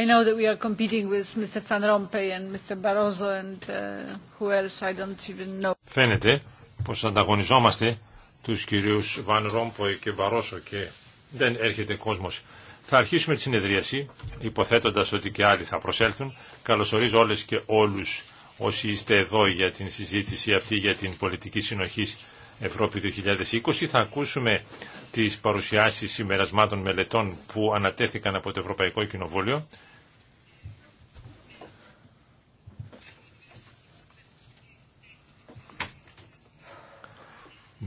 I know that we are competing with Mr. Van Rompuy and Mr. Barroso and uh, who else I don't even know. Φαίνεται πως ανταγωνιζόμαστε τους κυρίους Βαν Rompuy και Βαρόσο και δεν έρχεται κόσμος. Θα αρχίσουμε τη συνεδρίαση υποθέτοντας ότι και άλλοι θα προσέλθουν. Καλωσορίζω όλες και όλους όσοι είστε εδώ για την συζήτηση αυτή για την πολιτική συνοχής Ευρώπη 2020. Θα ακούσουμε τις παρουσιάσεις συμμερασμάτων μελετών που ανατέθηκαν από το Ευρωπαϊκό Κοινοβούλιο.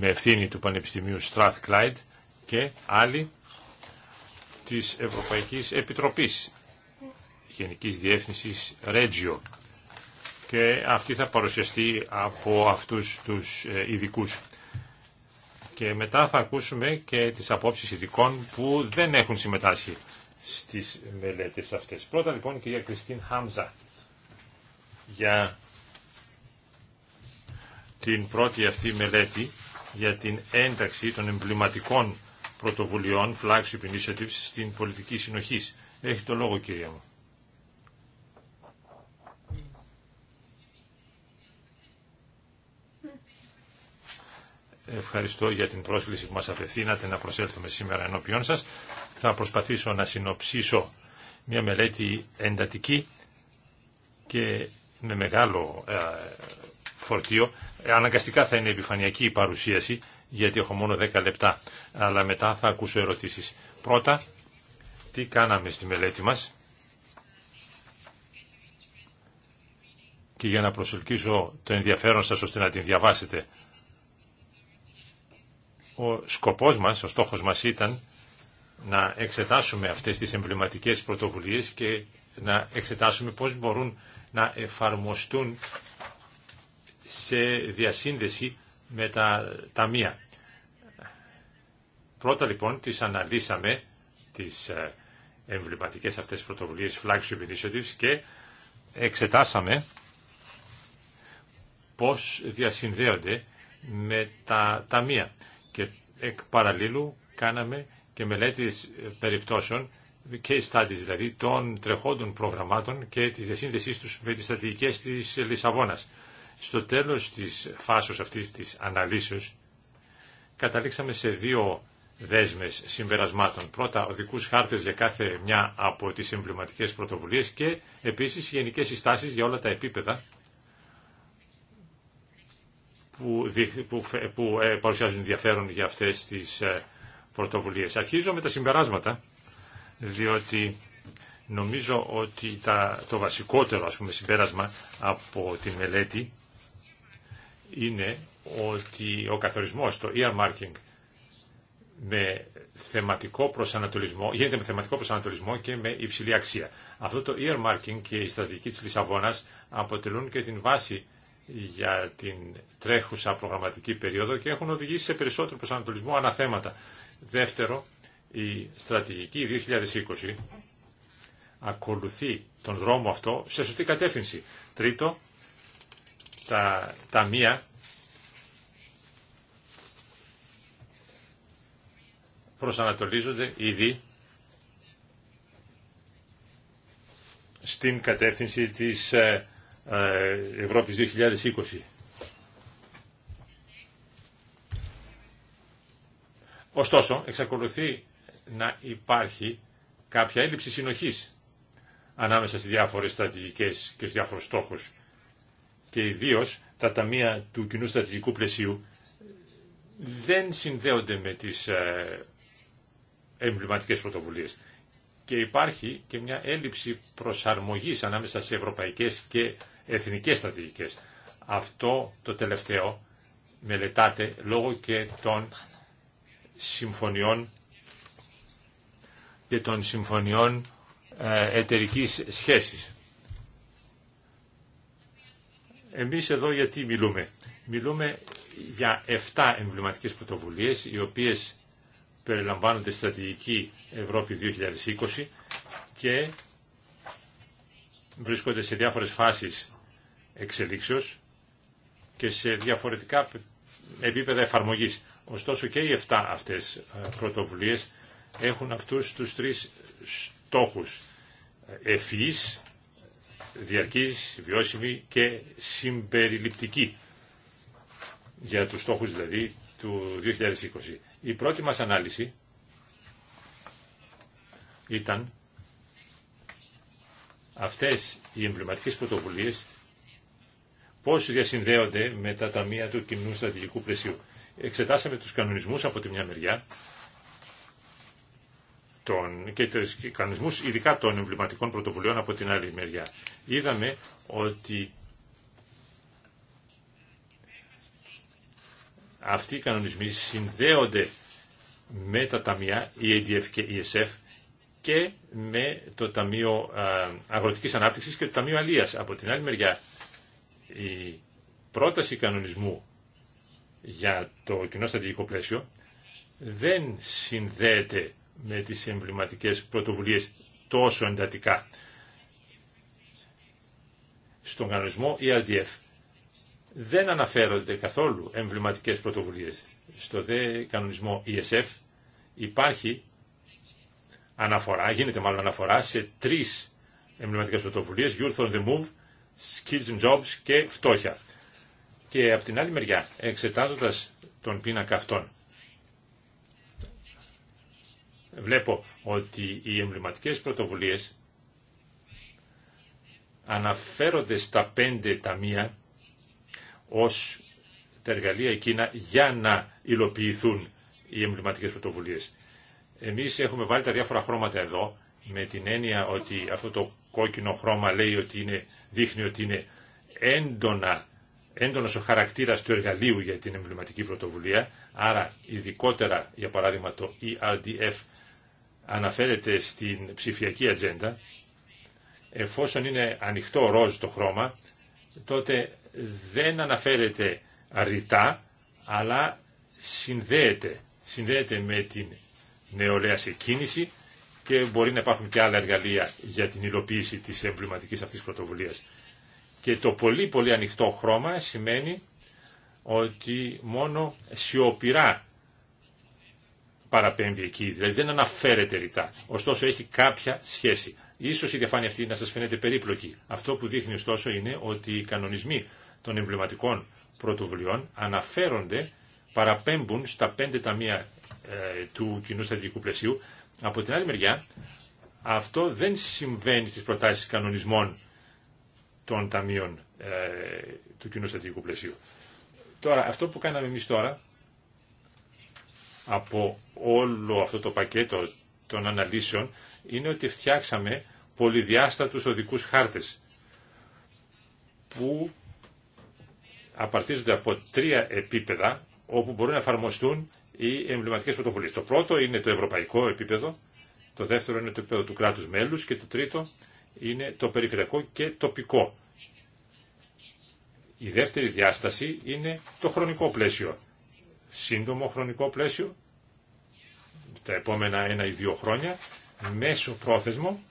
με ευθύνη του Πανεπιστημίου Strathclyde και άλλοι της Ευρωπαϊκής Επιτροπής Γενικής Διεύθυνσης Regio. και αυτή θα παρουσιαστεί από αυτούς τους ε, ειδικούς και μετά θα ακούσουμε και τις απόψεις ειδικών που δεν έχουν συμμετάσχει στις μελέτες αυτές. Πρώτα λοιπόν η κυρία Κριστίν Χάμζα για την πρώτη αυτή μελέτη για την ένταξη των εμβληματικών πρωτοβουλειών flagship initiatives στην πολιτική συνοχής. Έχει το λόγο κυρία μου. ευχαριστώ για την πρόσκληση που μας απευθύνατε να προσέλθουμε σήμερα ενώπιόν σας. Θα προσπαθήσω να συνοψίσω μια μελέτη εντατική και με μεγάλο ε, φορτίο. Αναγκαστικά θα είναι επιφανειακή η παρουσίαση, γιατί έχω μόνο 10 λεπτά, αλλά μετά θα ακούσω ερωτήσεις. Πρώτα, τι κάναμε στη μελέτη μας. Και για να προσελκύσω το ενδιαφέρον σας ώστε να την διαβάσετε ο σκοπός μας, ο στόχος μας ήταν να εξετάσουμε αυτές τις εμβληματικέ πρωτοβουλίες και να εξετάσουμε πώς μπορούν να εφαρμοστούν σε διασύνδεση με τα ταμεία. Πρώτα λοιπόν τις αναλύσαμε, τις ε, εμβληματικές αυτές πρωτοβουλίες flagship initiatives και εξετάσαμε πώς διασυνδέονται με τα ταμεία. Και εκ παραλλήλου κάναμε και μελέτης ε, περιπτώσεων, case studies δηλαδή, των τρεχόντων προγραμμάτων και τη διασύνδεσή του με τι στρατηγικέ τη Λισαβόνα. Στο τέλος της φάσης αυτής της αναλύσεως, καταλήξαμε σε δύο δέσμες συμπερασμάτων. Πρώτα, οδικούς χάρτες για κάθε μια από τις εμβληματικέ πρωτοβουλίε και επίση γενικέ συστάσει για όλα τα επίπεδα που, που, που ε, παρουσιάζουν ενδιαφέρον για αυτές τις ε, πρωτοβουλίες. Αρχίζω με τα συμπεράσματα, διότι νομίζω ότι τα, το βασικότερο ας πούμε, συμπέρασμα από τη μελέτη είναι ότι ο καθορισμός, το earmarking, με θεματικό προσανατολισμό, γίνεται με θεματικό προσανατολισμό και με υψηλή αξία. Αυτό το earmarking και η στρατηγική της Λισαβόνας αποτελούν και την βάση για την τρέχουσα προγραμματική περίοδο και έχουν οδηγήσει σε περισσότερο προσανατολισμό αναθέματα. Δεύτερο, η στρατηγική 2020 ακολουθεί τον δρόμο αυτό σε σωστή κατεύθυνση. Τρίτο, τα ταμεία προσανατολίζονται ήδη στην κατεύθυνση της ε, ε, Ευρώπης 2020. Ωστόσο, εξακολουθεί να υπάρχει κάποια έλλειψη συνοχής ανάμεσα στις διάφορες στρατηγικές και στους διάφορους στόχους και ιδίω τα ταμεία του κοινού στρατηγικού πλαισίου δεν συνδέονται με τις ε, εμβληματικές πρωτοβουλίες. Και υπάρχει και μια έλλειψη προσαρμογής ανάμεσα σε ευρωπαϊκές και εθνικές στρατηγικές. Αυτό το τελευταίο μελετάτε λόγω και των συμφωνιών και των συμφωνιών ε, εταιρικής σχέσης. Εμείς εδώ γιατί μιλούμε. Μιλούμε για 7 εμβληματικές πρωτοβουλίες οι οποίες περιλαμβάνονται στρατηγική Ευρώπη 2020 και βρίσκονται σε διάφορες φάσεις εξελίξεως και σε διαφορετικά επίπεδα εφαρμογής. Ωστόσο και οι 7 αυτές ε, πρωτοβουλίες έχουν αυτούς τους τρεις στόχους. Ευφυής, διαρκής, βιώσιμη και συμπεριληπτική για τους στόχους δηλαδή του 2020. Η πρώτη μας ανάλυση ήταν αυτές οι εμβληματικές πρωτοβουλίες Πώ διασυνδέονται με τα ταμεία του κοινού στρατηγικού πλαισίου. Εξετάσαμε τους κανονισμούς από τη μια μεριά τον, και του κανονισμού ειδικά των εμβληματικών πρωτοβουλειών από την άλλη μεριά. Είδαμε ότι αυτοί οι κανονισμοί συνδέονται με τα ταμεία EADF και ESF και με το Ταμείο ε, Αγροτικής Ανάπτυξης και το Ταμείο Αλίας. Από την άλλη μεριά η πρόταση κανονισμού για το κοινό στρατηγικό πλαίσιο δεν συνδέεται με τις εμβληματικές πρωτοβουλίες τόσο εντατικά. Στον κανονισμό ERDF δεν αναφέρονται καθόλου εμβληματικές πρωτοβουλίες. Στο δε κανονισμό ESF υπάρχει αναφορά, γίνεται μάλλον αναφορά σε τρεις εμβληματικές πρωτοβουλίες, Youth on the Move, skills and jobs και φτώχεια. Και από την άλλη μεριά, εξετάζοντας τον πίνακα αυτών, βλέπω ότι οι εμβληματικές πρωτοβουλίες αναφέρονται στα πέντε ταμεία ως τα εργαλεία εκείνα για να υλοποιηθούν οι εμβληματικές πρωτοβουλίες. Εμείς έχουμε βάλει τα διάφορα χρώματα εδώ με την έννοια ότι αυτό το κόκκινο χρώμα λέει ότι είναι, δείχνει ότι είναι έντονα, έντονος ο χαρακτήρας του εργαλείου για την εμβληματική πρωτοβουλία, άρα ειδικότερα, για παράδειγμα, το ERDF αναφέρεται στην ψηφιακή ατζέντα, εφόσον είναι ανοιχτό ροζ το χρώμα, τότε δεν αναφέρεται ρητά, αλλά συνδέεται, συνδέεται με την νεολαία σε κίνηση και μπορεί να υπάρχουν και άλλα εργαλεία για την υλοποίηση της εμβληματικής αυτής πρωτοβουλίας. Και το πολύ πολύ ανοιχτό χρώμα σημαίνει ότι μόνο σιωπηρά παραπέμπει εκεί, δηλαδή δεν αναφέρεται ρητά, ωστόσο έχει κάποια σχέση. Ίσως η διαφάνεια αυτή να σας φαίνεται περίπλοκη. Αυτό που δείχνει ωστόσο είναι ότι οι κανονισμοί των εμβληματικών πρωτοβουλειών αναφέρονται, παραπέμπουν στα πέντε ταμεία ε, του κοινού στρατηγικού πλαισίου από την άλλη μεριά, αυτό δεν συμβαίνει στις προτάσεις κανονισμών των ταμείων ε, του κοινού στρατηγικού πλαισίου. Τώρα, αυτό που κάναμε εμείς τώρα, από όλο αυτό το πακέτο των αναλύσεων, είναι ότι φτιάξαμε πολυδιάστατους οδικούς χάρτες, που απαρτίζονται από τρία επίπεδα, όπου μπορούν να εφαρμοστούν οι εμβληματικέ πρωτοβουλίε. Το πρώτο είναι το ευρωπαϊκό επίπεδο, το δεύτερο είναι το επίπεδο του κράτους μέλους και το τρίτο είναι το περιφερειακό και τοπικό. Η δεύτερη διάσταση είναι το χρονικό πλαίσιο. Σύντομο χρονικό πλαίσιο, τα επόμενα ένα ή δύο χρόνια, μέσο πρόθεσμο,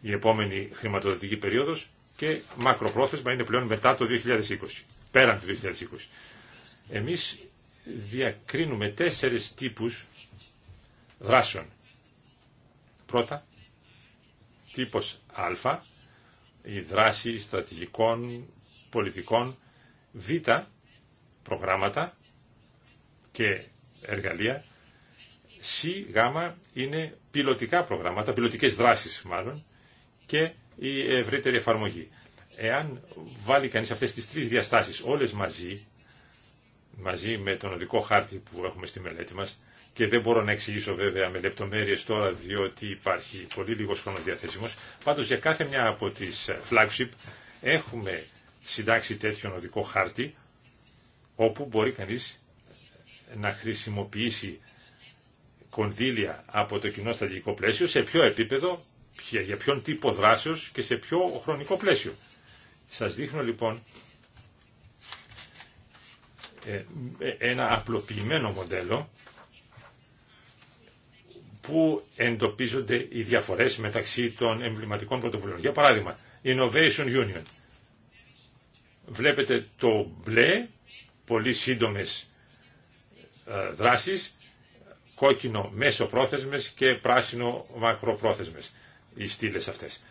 η επόμενη χρηματοδοτική περίοδος και μακροπρόθεσμα είναι πλέον μετά το 2020, πέραν του 2020. Εμείς διακρίνουμε τέσσερις τύπους δράσεων. Πρώτα, τύπος Α, η δράση στρατηγικών, πολιτικών, Β, προγράμματα και εργαλεία, Σ, Γ είναι πιλωτικά προγράμματα, πιλωτικές δράσεις μάλλον και η ευρύτερη εφαρμογή. Εάν βάλει κανείς αυτές τις τρεις διαστάσεις όλες μαζί, μαζί με τον οδικό χάρτη που έχουμε στη μελέτη μας και δεν μπορώ να εξηγήσω βέβαια με λεπτομέρειες τώρα διότι υπάρχει πολύ λίγος χρόνος διαθέσιμος. Πάντως για κάθε μια από τις ε, flagship έχουμε συντάξει τέτοιον οδικό χάρτη όπου μπορεί κανείς να χρησιμοποιήσει κονδύλια από το κοινό στρατηγικό πλαίσιο σε ποιο επίπεδο, για ποιον τύπο δράσεως και σε ποιο χρονικό πλαίσιο. Σας δείχνω λοιπόν ε, ένα απλοποιημένο μοντέλο που εντοπίζονται οι διαφορές μεταξύ των εμβληματικών πρωτοβουλίων. Για παράδειγμα, Innovation Union. Βλέπετε το μπλε, πολύ σύντομες ε, δράσεις, κόκκινο μέσο πρόθεσμες και πράσινο μακροπρόθεσμες οι στήλες αυτές.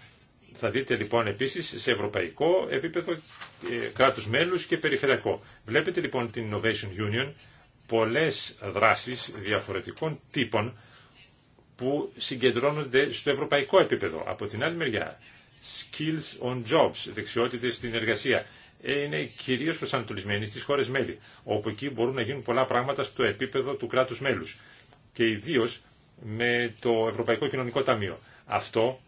Θα δείτε λοιπόν επίσης σε ευρωπαϊκό επίπεδο ε, κράτους μέλους και περιφερειακό. Βλέπετε λοιπόν την Innovation Union πολλές δράσεις διαφορετικών τύπων που συγκεντρώνονται στο ευρωπαϊκό επίπεδο. Από την άλλη μεριά, skills on jobs, δεξιότητες στην εργασία, ε, είναι κυρίως προσανατολισμένοι στις χώρες μέλη, όπου εκεί μπορούν να γίνουν πολλά πράγματα στο επίπεδο του κράτους μέλους και ιδίω με το Ευρωπαϊκό Κοινωνικό Ταμείο. Αυτό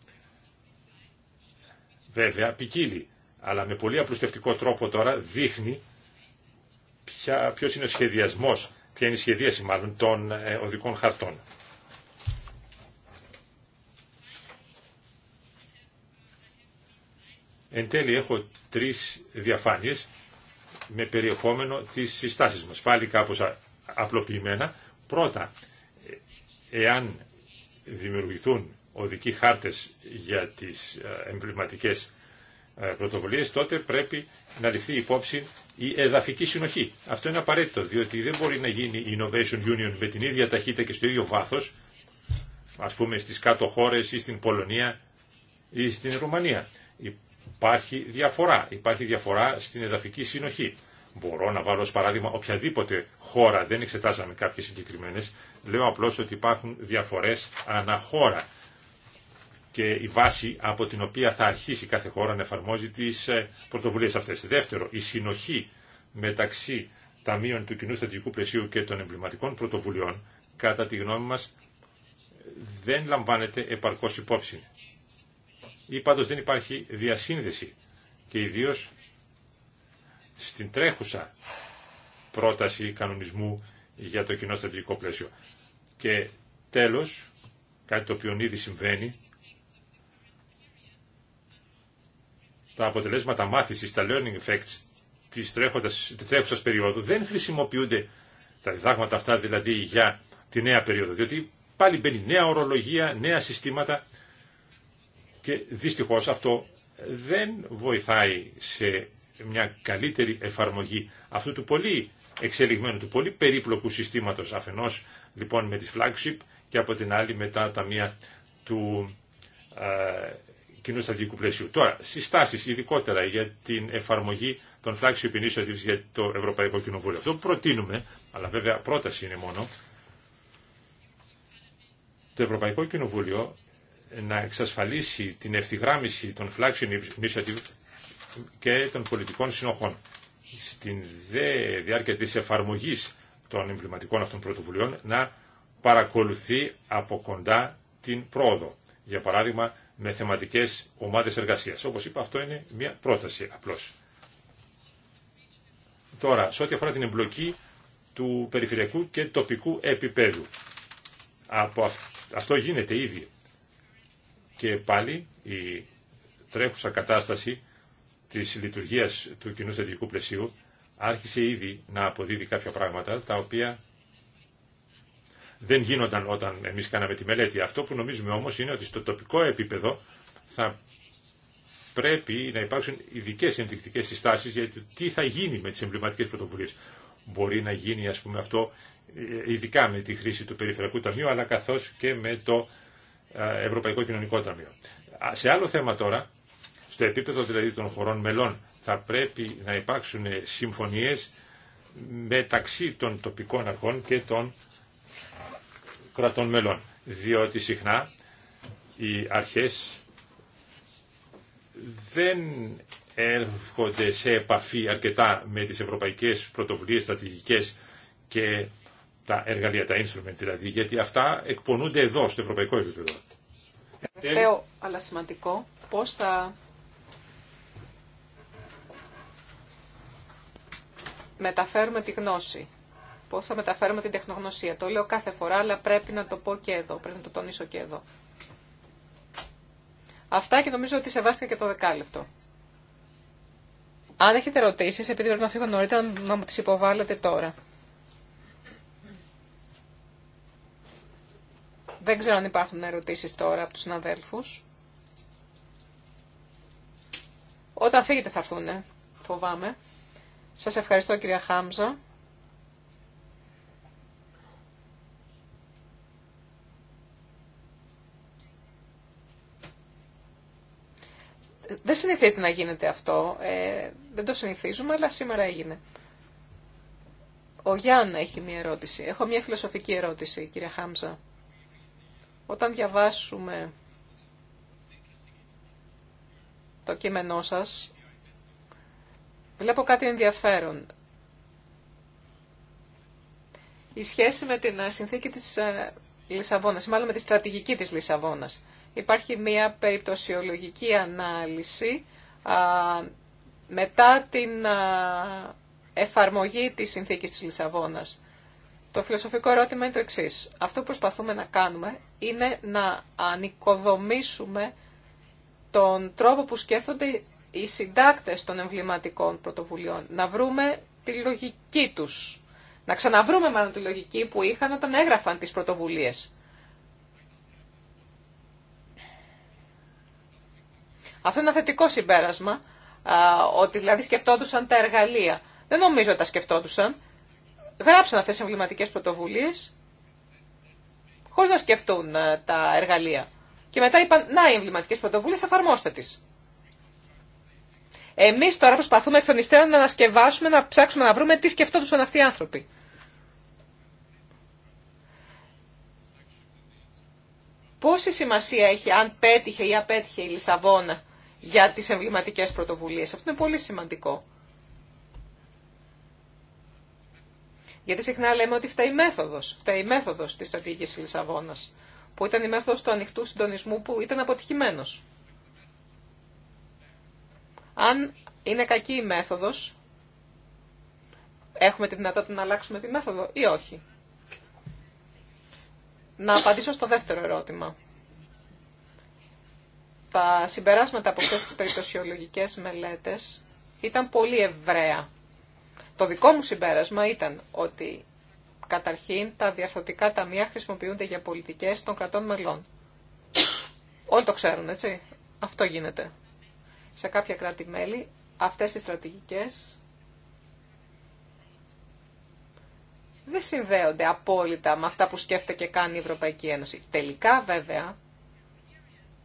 Βέβαια ποικίλει, αλλά με πολύ απλουστευτικό τρόπο τώρα δείχνει ποια, ποιος είναι ο σχεδιασμός, ποια είναι η σχεδίαση μάλλον των ε, οδικών χαρτών. Εν τέλει έχω τρεις διαφάνειες με περιεχόμενο τις συστάσεις μας. Πάλι κάπως απλοποιημένα. Πρώτα, ε, εάν δημιουργηθούν οδική χάρτες για τις ε, εμβληματικές ε, πρωτοβουλίες, τότε πρέπει να ληφθεί υπόψη η εδαφική συνοχή. Αυτό είναι απαραίτητο, διότι δεν μπορεί να γίνει η Innovation Union με την ίδια ταχύτητα και στο ίδιο βάθος, ας πούμε στις κάτω χώρες ή στην Πολωνία ή στην Ρουμανία. Υπάρχει διαφορά, υπάρχει διαφορά στην εδαφική συνοχή. Μπορώ να βάλω ως παράδειγμα οποιαδήποτε χώρα, δεν εξετάσαμε κάποιες συγκεκριμένες, λέω απλώς ότι υπάρχουν διαφορές αναχώρα και η βάση από την οποία θα αρχίσει κάθε χώρα να εφαρμόζει τις ε, πρωτοβουλίες αυτές. Δεύτερο, η συνοχή μεταξύ ταμείων του κοινού στρατηγικού πλαισίου και των εμπληματικών πρωτοβουλειών, κατά τη γνώμη μας, δεν λαμβάνεται επαρκώς υπόψη. Ή πάντως δεν υπάρχει διασύνδεση και ιδίως στην τρέχουσα πρόταση κανονισμού για το κοινό στρατηγικό πλαίσιο. Και τέλος, κάτι το οποίο ήδη συμβαίνει, τα αποτελέσματα μάθησης, τα learning effects της τρέχουσα τρέχουσας περίοδου δεν χρησιμοποιούνται τα διδάγματα αυτά δηλαδή για τη νέα περίοδο, διότι πάλι μπαίνει νέα ορολογία, νέα συστήματα και δυστυχώ αυτό δεν βοηθάει σε μια καλύτερη εφαρμογή αυτού του πολύ εξελιγμένου, του πολύ περίπλοκου συστήματος αφενός λοιπόν με τη flagship και από την άλλη μετά τα μία του ε, κοινού στρατηγικού πλαισίου. Τώρα, συστάσει ειδικότερα για την εφαρμογή των flagship initiatives για το Ευρωπαϊκό Κοινοβούλιο. Αυτό προτείνουμε, αλλά βέβαια πρόταση είναι μόνο, το Ευρωπαϊκό Κοινοβούλιο να εξασφαλίσει την ευθυγράμμιση των flagship initiatives και των πολιτικών συνοχών. Στην δε διάρκεια της εφαρμογής των εμβληματικών αυτών πρωτοβουλειών να παρακολουθεί από κοντά την πρόοδο. Για παράδειγμα, με θεματικές ομάδες εργασίας. Όπως είπα, αυτό είναι μια πρόταση απλώς. Τώρα, σε ό,τι αφορά την εμπλοκή του περιφερειακού και τοπικού επίπεδου. Από αυτό γίνεται ήδη. Και πάλι η τρέχουσα κατάσταση της λειτουργίας του κοινού στρατηγικού πλαισίου άρχισε ήδη να αποδίδει κάποια πράγματα τα οποία δεν γίνονταν όταν εμείς κάναμε τη μελέτη. Αυτό που νομίζουμε όμως είναι ότι στο τοπικό επίπεδο θα πρέπει να υπάρξουν ειδικέ ενδεικτικές συστάσεις για το τι θα γίνει με τις εμβληματικές πρωτοβουλίες. Μπορεί να γίνει ας πούμε αυτό ε, ειδικά με τη χρήση του Περιφερειακού Ταμείου αλλά καθώς και με το ε, Ευρωπαϊκό Κοινωνικό Ταμείο. Σε άλλο θέμα τώρα, στο επίπεδο δηλαδή των χωρών μελών, θα πρέπει να υπάρξουν συμφωνίες μεταξύ των τοπικών αρχών και των κρατών μελών, διότι συχνά οι αρχές δεν έρχονται σε επαφή αρκετά με τις ευρωπαϊκές πρωτοβουλίες στρατηγικές και τα εργαλεία, τα instrument δηλαδή, γιατί αυτά εκπονούνται εδώ, στο ευρωπαϊκό επίπεδο. Τελευταίο, αλλά σημαντικό, πώς θα μεταφέρουμε τη γνώση Πώ θα μεταφέρουμε την τεχνογνωσία. Το λέω κάθε φορά, αλλά πρέπει να το πω και εδώ, πρέπει να το τονίσω και εδώ. Αυτά και νομίζω ότι σεβάστηκα και το δεκάλεπτο. Αν έχετε ερωτήσεις, επειδή πρέπει να φύγω νωρίτερα, να μου τις υποβάλλετε τώρα. Δεν ξέρω αν υπάρχουν ερωτήσεις τώρα από τους συναδέλφου. Όταν φύγετε θα έρθουν, φοβάμαι. Σας ευχαριστώ κυρία Χάμζα. δεν συνηθίζεται να γίνεται αυτό, ε, δεν το συνηθίζουμε, αλλά σήμερα έγινε. Ο Γιάννα έχει μία ερώτηση. Έχω μία φιλοσοφική ερώτηση, κύριε Χάμζα. Όταν διαβάσουμε το κείμενό σας, βλέπω κάτι ενδιαφέρον. Η σχέση με την συνθήκη της ε, Λισαβόνας, μάλλον με τη στρατηγική της Λισαβόνας υπάρχει μια περιπτωσιολογική ανάλυση μετά την εφαρμογή της συνθήκης της Λισαβόνας. Το φιλοσοφικό ερώτημα είναι το εξής. Αυτό που προσπαθούμε να κάνουμε είναι να ανοικοδομήσουμε τον τρόπο που σκέφτονται οι συντάκτες των εμβληματικών πρωτοβουλειών. Να βρούμε τη λογική τους. Να ξαναβρούμε μάλλον τη λογική που είχαν όταν έγραφαν τις πρωτοβουλίες. Αυτό είναι ένα θετικό συμπέρασμα, ότι δηλαδή σκεφτόντουσαν τα εργαλεία. Δεν νομίζω ότι τα σκεφτόντουσαν. Γράψαν αυτές τις εμβληματικές πρωτοβουλίες, χωρίς να σκεφτούν ε, τα εργαλεία. Και μετά είπαν, να οι εμβληματικές πρωτοβουλίες, εφαρμόστε τις. Εμείς τώρα προσπαθούμε εκ των υστέρων να ανασκευάσουμε, να ψάξουμε να βρούμε τι σκεφτόντουσαν αυτοί οι άνθρωποι. Πόση σημασία έχει αν πέτυχε ή απέτυχε η Λισαβόνα για τις εμβληματικές πρωτοβουλίες. Αυτό είναι πολύ σημαντικό. Γιατί συχνά λέμε ότι φταίει η μέθοδος, φταίει η μέθοδος της αφήγησης Λισαβόνας, που ήταν η μέθοδος του ανοιχτού συντονισμού που ήταν αποτυχημένος. Αν είναι κακή η μέθοδος, έχουμε τη δυνατότητα να αλλάξουμε τη μέθοδο ή όχι. Να απαντήσω στο δεύτερο ερώτημα τα συμπεράσματα από αυτές τις περιπτωσιολογικές μελέτες ήταν πολύ ευραία. Το δικό μου συμπέρασμα ήταν ότι καταρχήν τα διαφθορτικά ταμεία χρησιμοποιούνται για πολιτικές των κρατών μελών. Όλοι το ξέρουν, έτσι. Αυτό γίνεται. Σε κάποια κράτη-μέλη αυτές οι στρατηγικές δεν συνδέονται απόλυτα με αυτά που σκέφτεται και κάνει η Ευρωπαϊκή Ένωση. Τελικά βέβαια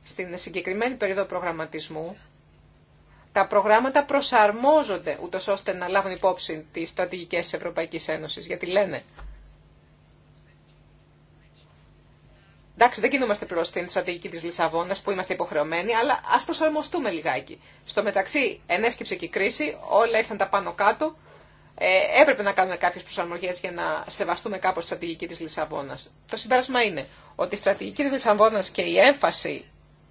στην συγκεκριμένη περίοδο προγραμματισμού τα προγράμματα προσαρμόζονται ούτω ώστε να λάβουν υπόψη τι στρατηγικέ τη Ευρωπαϊκή Ένωση. Γιατί λένε. Εντάξει, δεν κινούμαστε προ την στρατηγική τη Λισαβόνα που είμαστε υποχρεωμένοι, αλλά α προσαρμοστούμε λιγάκι. Στο μεταξύ, ενέσκυψε και η κρίση, όλα ήρθαν τα πάνω κάτω. Ε, έπρεπε να κάνουμε κάποιε προσαρμογέ για να σεβαστούμε κάπω τη στρατηγική τη Λισαβόνα. Το συμπέρασμα είναι ότι η στρατηγική τη Λισαβόνα και η έμφαση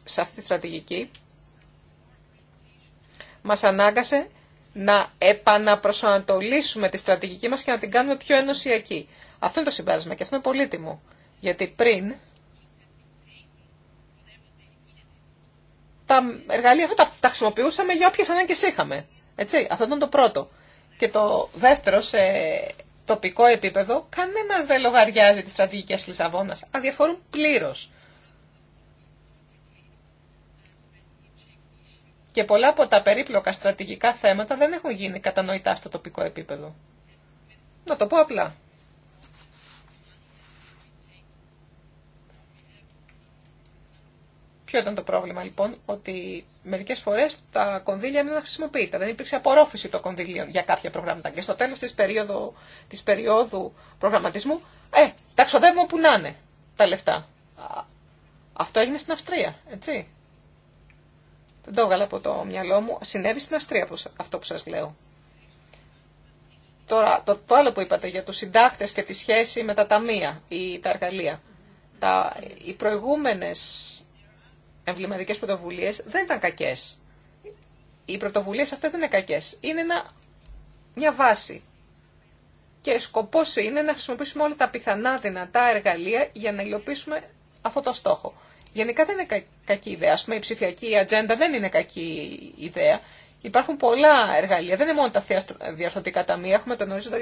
σε αυτή τη στρατηγική μας ανάγκασε να επαναπροσανατολίσουμε τη στρατηγική μας και να την κάνουμε πιο ενωσιακή. Αυτό είναι το συμπέρασμα και αυτό είναι πολύτιμο. Γιατί πριν τα εργαλεία αυτά τα, χρησιμοποιούσαμε για όποιες ανάγκες είχαμε. Έτσι, αυτό ήταν το πρώτο. Και το δεύτερο, σε τοπικό επίπεδο, κανένας δεν λογαριάζει τις στρατηγικές Λισαβόνας. Αδιαφορούν πλήρως. και πολλά από τα περίπλοκα στρατηγικά θέματα δεν έχουν γίνει κατανοητά στο τοπικό επίπεδο. Να το πω απλά. Ποιο ήταν το πρόβλημα λοιπόν, ότι μερικές φορές τα κονδύλια μην χρησιμοποιείται, Δεν υπήρξε απορρόφηση των κονδυλίων για κάποια προγράμματα. Και στο τέλος της περίοδου, της περίοδου προγραμματισμού, ε, τα ξοδεύουμε που να είναι τα λεφτά. Αυτό έγινε στην Αυστρία, έτσι. Δεν το έβγαλα από το μυαλό μου. Συνέβη στην Αυστρία αυτό που σας λέω. Τώρα, το, άλλο που είπατε για τους συντάκτες και τη σχέση με τα ταμεία ή τα εργαλεία. Τα, οι προηγούμενες εμβληματικές πρωτοβουλίες δεν ήταν κακές. Οι πρωτοβουλίες αυτέ δεν είναι κακές. Είναι μια βάση. Και σκοπός είναι να χρησιμοποιήσουμε όλα τα πιθανά δυνατά εργαλεία για να υλοποιήσουμε αυτό το στόχο. Γενικά δεν είναι κακή ιδέα. Α πούμε, η ψηφιακή ατζέντα δεν είναι κακή ιδέα. Υπάρχουν πολλά εργαλεία. Δεν είναι μόνο τα θεία διαρθρωτικά ταμεία. Έχουμε τον ορίζοντα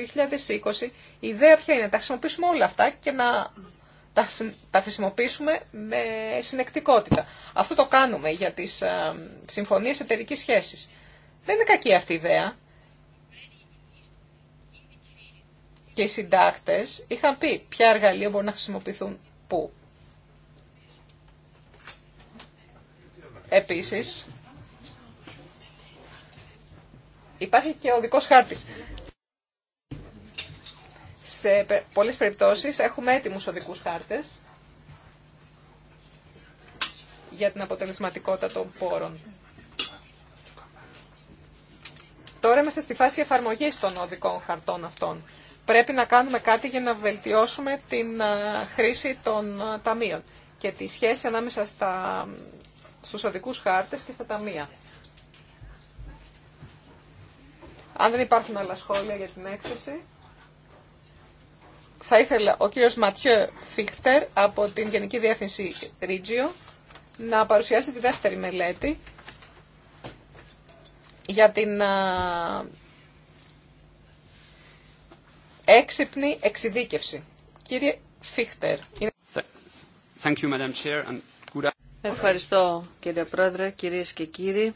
2020. Η ιδέα ποια είναι να τα χρησιμοποιήσουμε όλα αυτά και να τα χρησιμοποιήσουμε με συνεκτικότητα. Αυτό το κάνουμε για τι ε, συμφωνίε εταιρική σχέση. Δεν είναι κακή αυτή η ιδέα. Και οι συντάκτε είχαν πει ποια εργαλεία μπορούν να χρησιμοποιηθούν πού. Επίσης, υπάρχει και ο δικός χάρτης. Σε πολλές περιπτώσεις έχουμε έτοιμους οδικούς χάρτες για την αποτελεσματικότητα των πόρων. Τώρα είμαστε στη φάση εφαρμογής των οδικών χαρτών αυτών. Πρέπει να κάνουμε κάτι για να βελτιώσουμε την ε, χρήση των ε, ταμείων και τη σχέση ανάμεσα στα στους οδικούς χάρτες και στα ταμεία. Αν δεν υπάρχουν άλλα σχόλια για την έκθεση, θα ήθελα ο κύριος Ματιό Φίχτερ από την Γενική Διεύθυνση Ρίτζιο να παρουσιάσει τη δεύτερη μελέτη για την έξυπνη εξειδίκευση. Κύριε Φίχτερ. Thank you, Ευχαριστώ κύριε Πρόεδρε, κυρίες και κύριοι.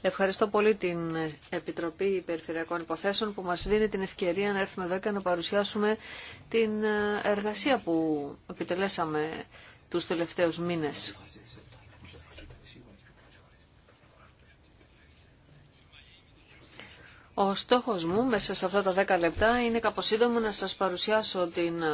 Ευχαριστώ πολύ την Επιτροπή Περιφερειακών Υποθέσεων που μας δίνει την ευκαιρία να έρθουμε εδώ και να παρουσιάσουμε την εργασία που επιτελέσαμε τους τελευταίους μήνες. Ο στόχος μου μέσα σε αυτά τα 10 λεπτά είναι κάπως σύντομο να σας παρουσιάσω την ε,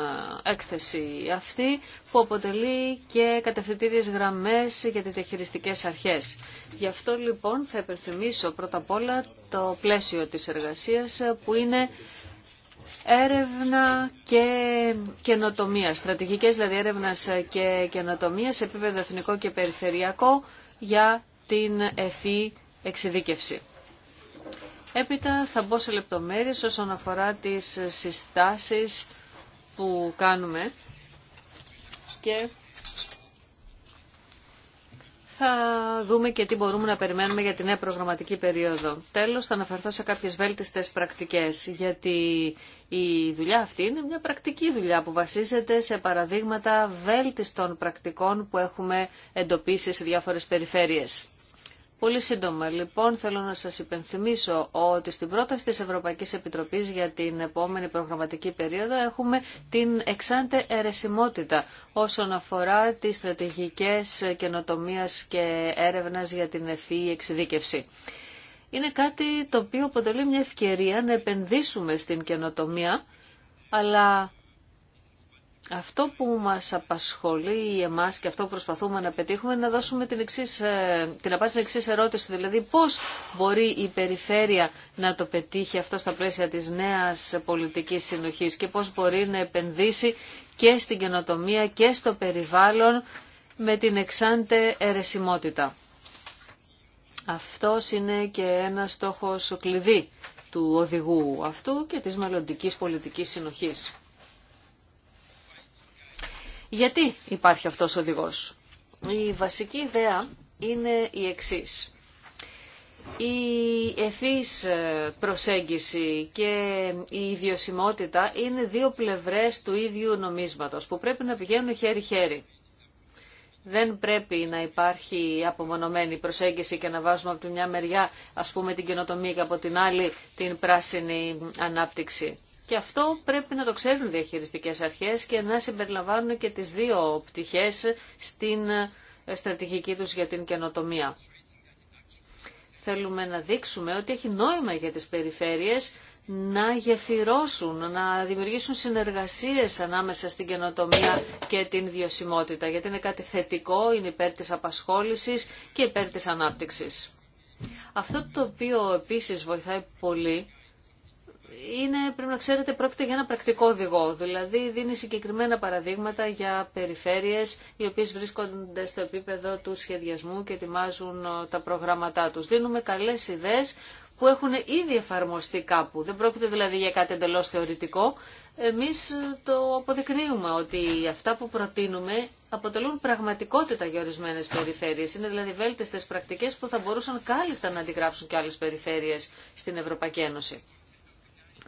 έκθεση αυτή που αποτελεί και κατευθυντήριες γραμμές για τις διαχειριστικές αρχές. Γι' αυτό λοιπόν θα υπενθυμίσω πρώτα απ' όλα το πλαίσιο της εργασίας ε, που είναι έρευνα και καινοτομία. Στρατηγικές δηλαδή έρευνας ε, και καινοτομία σε επίπεδο εθνικό και περιφερειακό για την ευφύ εξειδίκευση. Έπειτα θα μπω σε λεπτομέρειες όσον αφορά τις συστάσεις που κάνουμε και θα δούμε και τι μπορούμε να περιμένουμε για την νέα προγραμματική περίοδο. Τέλος, θα αναφερθώ σε κάποιες βέλτιστες πρακτικές, γιατί η δουλειά αυτή είναι μια πρακτική δουλειά που βασίζεται σε παραδείγματα βέλτιστων πρακτικών που έχουμε εντοπίσει σε διάφορες περιφέρειες. Πολύ σύντομα, λοιπόν, θέλω να σας υπενθυμίσω ότι στην πρόταση της Ευρωπαϊκής Επιτροπής για την επόμενη προγραμματική περίοδο έχουμε την εξάντε αιρεσιμότητα όσον αφορά τις στρατηγικές καινοτομίας και έρευνας για την ευφυή εξειδίκευση. Είναι κάτι το οποίο αποτελεί μια ευκαιρία να επενδύσουμε στην καινοτομία, αλλά αυτό που μας απασχολεί εμάς και αυτό που προσπαθούμε να πετύχουμε είναι να δώσουμε την, εξής, ε, την απάντηση στην εξή ερώτηση, δηλαδή πώς μπορεί η περιφέρεια να το πετύχει αυτό στα πλαίσια της νέας πολιτικής συνοχής και πώς μπορεί να επενδύσει και στην καινοτομία και στο περιβάλλον με την εξάντε αιρεσιμότητα. Αυτό είναι και ένας στόχος κλειδί του οδηγού αυτού και της μελλοντική πολιτικής συνοχής. Γιατί υπάρχει αυτός ο οδηγός. Η βασική ιδέα είναι η εξής. Η ευθύς ε, προσέγγιση και η ιδιωσιμότητα είναι δύο πλευρές του ίδιου νομίσματος που πρέπει να πηγαίνουν χέρι-χέρι. Δεν πρέπει να υπάρχει απομονωμένη προσέγγιση και να βάζουμε από τη μια μεριά ας πούμε την καινοτομία και από την άλλη την πράσινη ανάπτυξη. Και αυτό πρέπει να το ξέρουν οι διαχειριστικές αρχές και να συμπεριλαμβάνουν και τις δύο πτυχές στην ε, στρατηγική τους για την καινοτομία. Θέλουμε να δείξουμε ότι έχει νόημα για τις περιφέρειες να γεφυρώσουν, να δημιουργήσουν συνεργασίες ανάμεσα στην καινοτομία και την βιωσιμότητα, γιατί είναι κάτι θετικό, είναι υπέρ της απασχόλησης και υπέρ της ανάπτυξης. Αυτό το οποίο επίσης βοηθάει πολύ είναι, πρέπει να ξέρετε, πρόκειται για ένα πρακτικό οδηγό. Δηλαδή δίνει συγκεκριμένα παραδείγματα για περιφέρειες οι οποίες βρίσκονται στο επίπεδο του σχεδιασμού και ετοιμάζουν ε, τα προγράμματά τους. Δίνουμε καλές ιδέες που έχουν ήδη εφαρμοστεί κάπου. Δεν πρόκειται δηλαδή για κάτι εντελώ θεωρητικό. Εμείς ε, το αποδεικνύουμε ότι αυτά που προτείνουμε αποτελούν πραγματικότητα για ορισμένε περιφέρειες. Είναι δηλαδή βέλτιστες πρακτικές που θα μπορούσαν κάλλιστα να αντιγράψουν και άλλε περιφέρειες στην Ευρωπαϊκή Ένωση.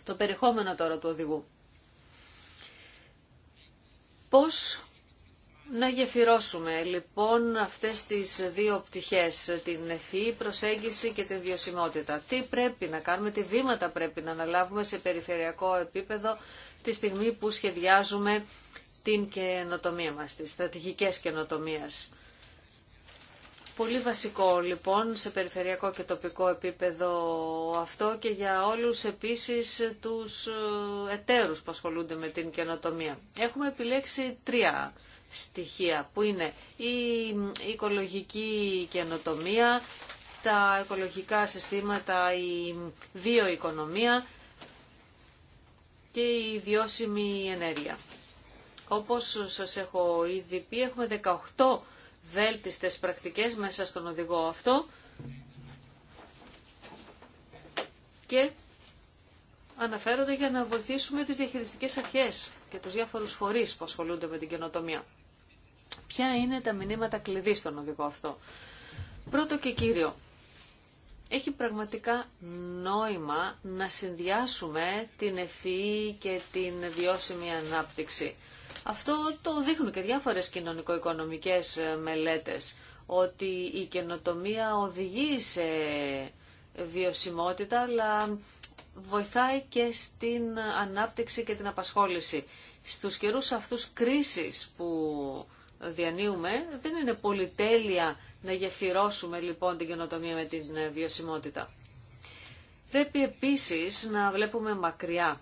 Το περιεχόμενο τώρα του οδηγού. Πώς να γεφυρώσουμε λοιπόν αυτές τις δύο πτυχές, την ευφυή προσέγγιση και την βιωσιμότητα. Τι πρέπει να κάνουμε, τι βήματα πρέπει να αναλάβουμε σε περιφερειακό επίπεδο τη στιγμή που σχεδιάζουμε την καινοτομία μας, τις στρατηγικές καινοτομίας πολύ βασικό λοιπόν σε περιφερειακό και τοπικό επίπεδο αυτό και για όλους επίσης τους ε, εταίρους που ασχολούνται με την καινοτομία. Έχουμε επιλέξει τρία στοιχεία που είναι η οικολογική καινοτομία, τα οικολογικά συστήματα, η βιοοικονομία και η βιώσιμη ενέργεια. Όπως σας έχω ήδη πει, έχουμε 18 βέλτιστες πρακτικές μέσα στον οδηγό αυτό και αναφέρονται για να βοηθήσουμε τις διαχειριστικές αρχές και τους διάφορους φορείς που ασχολούνται με την καινοτομία. Ποια είναι τα μηνύματα κλειδί στον οδηγό αυτό. Πρώτο και κύριο, έχει πραγματικά νόημα να συνδυάσουμε την ευφυή και την βιώσιμη ανάπτυξη. Αυτό το δείχνουν και διάφορες κοινωνικο-οικονομικές ε, μελέτες, ότι η καινοτομία οδηγεί σε βιωσιμότητα, αλλά βοηθάει και στην ανάπτυξη και την απασχόληση. Στους καιρούς αυτούς κρίσης που διανύουμε, δεν είναι πολυτέλεια να γεφυρώσουμε λοιπόν την καινοτομία με την ε, βιωσιμότητα. Πρέπει επίσης να βλέπουμε μακριά